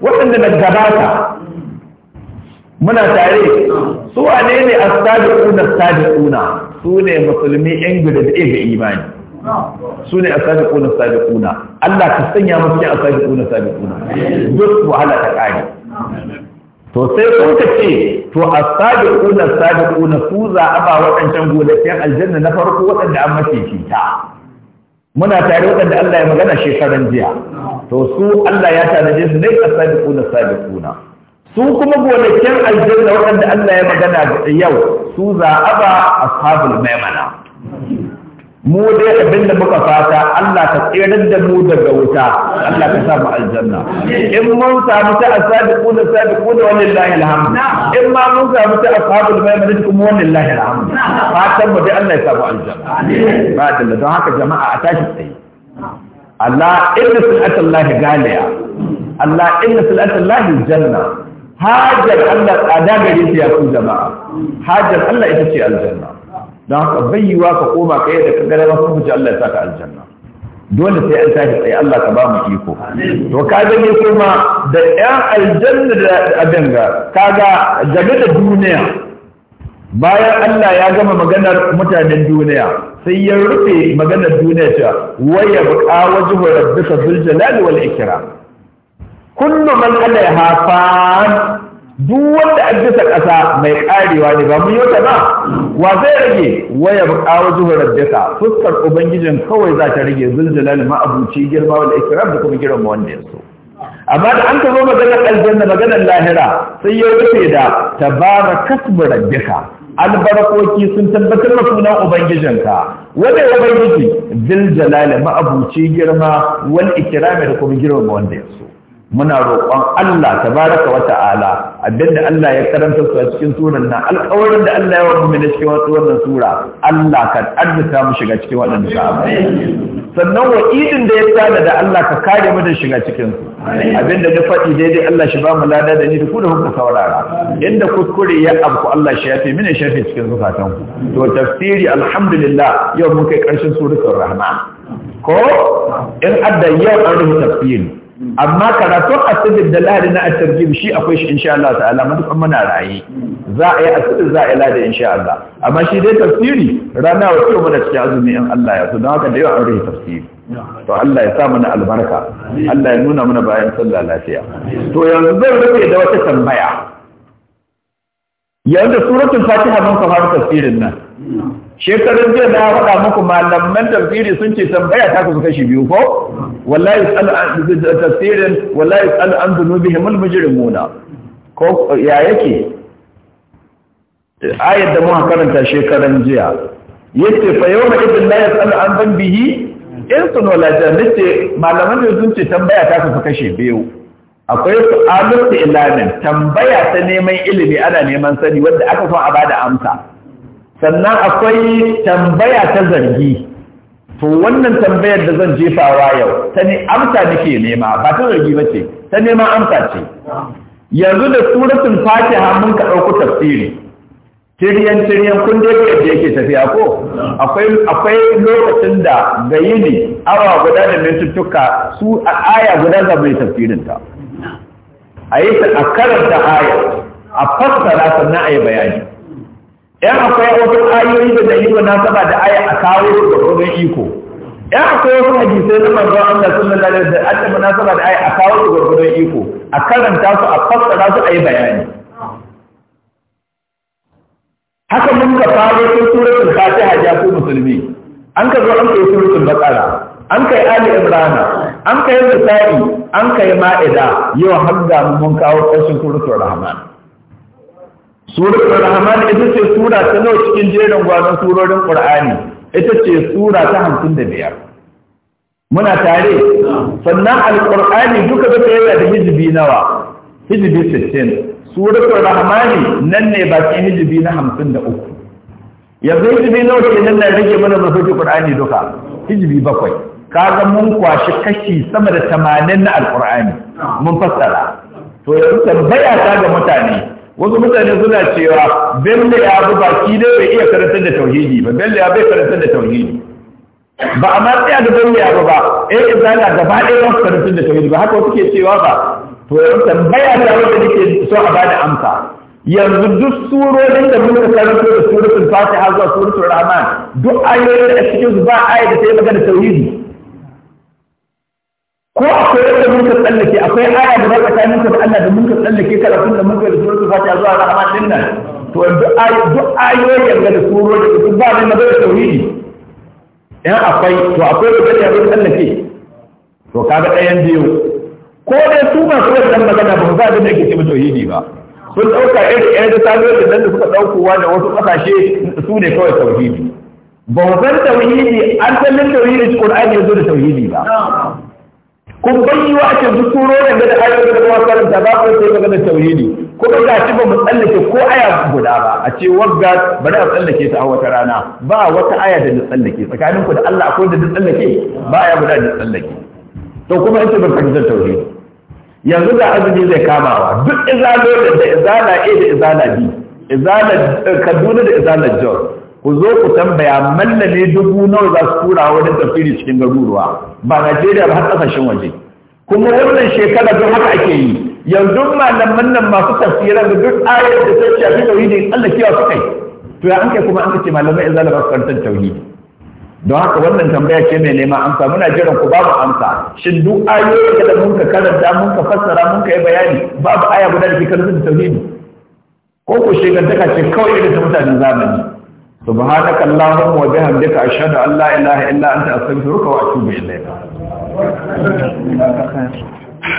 waɗanda na gabata muna tare su wane ne kuna sada kuna su ne musulmi yan gudu da imani su ne a sabi kuna, Allah ka sanya masu sabi a sabi kuna duk wahala ta ƙari to sai kun ka ce to a sabi kuna sabi kuna su za a ba waɗancan gonakin aljanna na farko waɗanda an mace ta muna tare waɗanda Allah ya magana shekaran jiya to su Allah ya tanaje su ne a sabi kuna sabi kuna, su kuma gonakin aljanna waɗanda Allah ya magana yau su za a ba ashabul maimana mu dai abin da muka fata Allah ka tsirar da mu daga wuta Allah ka sa mu aljanna in mun samu ta asabiqu da sabiqu da wallahi alhamd in ma mun samu ta ashabul maimuna kuma wallahi alhamd fatan mu dai Allah ya sa mu aljanna ba da don haka jama'a a tashi tsaye Allah inna salatallahi galiya Allah inna salatallahi janna hajar Allah tsada gare ta ya ku jama'a hajar Allah ita ce aljanna don haka bayyuwa ka koma ka yadda ka gada masu mutu Allah ya ka aljanna dole sai an tashi tsaye Allah ka ba mu iko to ka gani kuma da ƴan aljanna da abin ga kaga game da duniya bayan Allah ya gama maganar mutanen duniya sai ya rufe maganar duniya cewa waya buƙa wajhu rabbika zul jalali wal ikram kullu man alaiha fan duk wanda an bisa ƙasa mai ƙarewa ne ba mun yi wata ba wa zai rage waya buƙawa zuhurar daka fuskar ubangijin kawai za ta rage zulzulal ma'abuci girma wal ikram da kuma giran wanda ya so amma da an ka zo maganar aljanna maganar lahira sai ya rufe da tabarakasbu kasbu rabbika albarkoki sun tabbatar da sunan ubangijinka wanda ya ubangiji zulzulal ma'abuci girma wal ikram da kuma giran wanda ya so muna roƙon Allah tabaraka wa ta'ala abin da Allah ya karanta su a cikin suran nan alƙawarin da Allah ya wa mu'mini cikin wannan sura Allah ka arzuta mu shiga cikin waɗanda ka sannan wa idin da ya tsada da Allah ka kare mu da shiga cikin su abin da na faɗi daidai Allah shi ba mu lada da ni da ku da kuka saurara inda kuskure ya abku Allah shi ya yafe mini shafe cikin zukatan ku to tafsiri alhamdulillah yau mun kai ƙarshen surutun rahman ko in adda yau an rubuta tafsiri amma karatun asibir da lahadi na asirgib shi akwai shi insha Allah ta'ala matukan muna raye za a yi asibir za a yi lahadi insha Allah amma shi dai tafsiri rana wa kyau mana cikin azumi in Allah ya so don haka da yawa an rahe tafsiri to Allah ya sa mana albarka Allah ya nuna mana bayan sallah lafiya to yanzu zan rufe da wata tambaya yanzu da suratul fatiha mun fara tafsirin nan shekarun jiya na faɗa muku malaman tafsiri sun ce tambaya ta kasu kashi biyu ko wallahi sal tafsirin wallahi sal an dhunubihim al mujrimuna ko ya yake ayat da muka karanta shekaran jiya yace fa yawma idin la yasal an dhanbihi in sun wala jannati malaman sun ce tambaya ta kasu kashi biyu akwai su'alul ilamin tambaya ta neman ilimi ana neman sani wanda aka so a bada amsa sannan akwai tambaya ta zargi to wannan tambayar da zan jefawa yau ta ne amsa nake nema ba ta zargi ba ce ta neman amsa ce yanzu da suratun fatiha mun ka ɗauku tafsiri tiriyan tiriyan kun dai da yake tafiya ko akwai akwai lokacin da gayi ne awa guda da mintuttuka su a aya guda za tafsirinta tafsirin a yi ta a karanta aya a fassara sannan a yi bayani yan akwai wasu ayoyi da dalilin na saba da aya a kawo su da gudun iko yan akwai wasu hadisai na manzon Allah sallallahu alaihi wasallam da na saba da aya a kawo su da gudun iko a karanta su a fassara su a yi bayani haka mun ka faro sun suratul fatiha ja musulmi an ka zo an kai suratul baqara an kai ali imrana an kai misali an kai ma'ida yau har da mun kawo ƙarshen suratul rahman suratul rahman ita ce sura ta nawa cikin jerin gwanon surorin qur'ani ita ce sura ta 55 muna tare sannan alqur'ani duka da ta yana da hijibi nawa hijibi 16 suratul rahman nan ne bakin hijibi na 53 yanzu hijibi nawa kenan nan rage mana mafi qur'ani duka hijibi bakwai kaga mun kwashi kashi sama da tamanin na alkur'ani mun fassara to yanzu baya ta ga mutane wasu mutane suna cewa bello ya bi baki dai bai iya karantar da tauhidi ba bello ya bai karantar da tauhidi ba amma matsaya da bello ya bi ba eh izala gaba ɗaya ba karantar da tauhidi ba haka wasu ke cewa ba to yanzu baya ta wanda nake so a bada amsa yanzu duk surorin da muka karanto da suratul fatiha zuwa suratul rahman duk ayoyin da cikin su ba aya da ta yi magana tauhidi ko akwai yadda mun ka tsallake akwai aya da ba ta ka da Allah da mun ka tsallake karatun da mun da suratul fatiha zuwa rahman din nan to duk ayo duk ga da surori duk ba ne magana tauhidi in akwai to akwai da ya zo tsallake to kaga ɗayan biyu ko dai su su da magana ba ba da yake cewa tauhidi ba sun ɗauka irin ɗaya da sabuwar da nan da suka ɗaukowa da wasu ƙasashe su ne kawai tauhidi ba san tauhidi an san tauhidi Qur'ani ya zo da tauhidi ba kun yi wa ake duk surorin da ayoyin da kuma karanta ba ku sai magana tauhidi kuma ga shi ba mu tsallake ko aya guda ba a ce wagga bari a tsallake ta a wata rana ba wata aya da na tsallake tsakanin ku da Allah akwai da na tsallake ba aya guda da tsallake to kuma ita ban fahimtar tauhidi yanzu da azumi zai kama wa duk izalo da izala A da izala B izala eh, Kaduna da izala Jos ku zo ku tambaya mallame dubu nawa za su tura wani tafiri cikin garuruwa ba Najeriya ba har kasashen waje kuma wannan shekara don haka ake yi yanzu malaman nan masu tafsiran da duk ayar da ta shafi in Allah ke suka yi to ya an kai kuma an ce malamai in zalaba su karantar tauhidi don haka wannan tambaya ce mai nema amsa muna jiran ku babu amsa shin duk ayoyin da mun ka karanta mun ka fassara mun ka yi bayani babu aya guda da ke karantar tauhidi ko ku shekantaka ce kawai da ta mutanen zamani subhanaka allahumma wa bihamdika ashhadu an la ilaha illa anta astaghfiruka wa atubu ilayk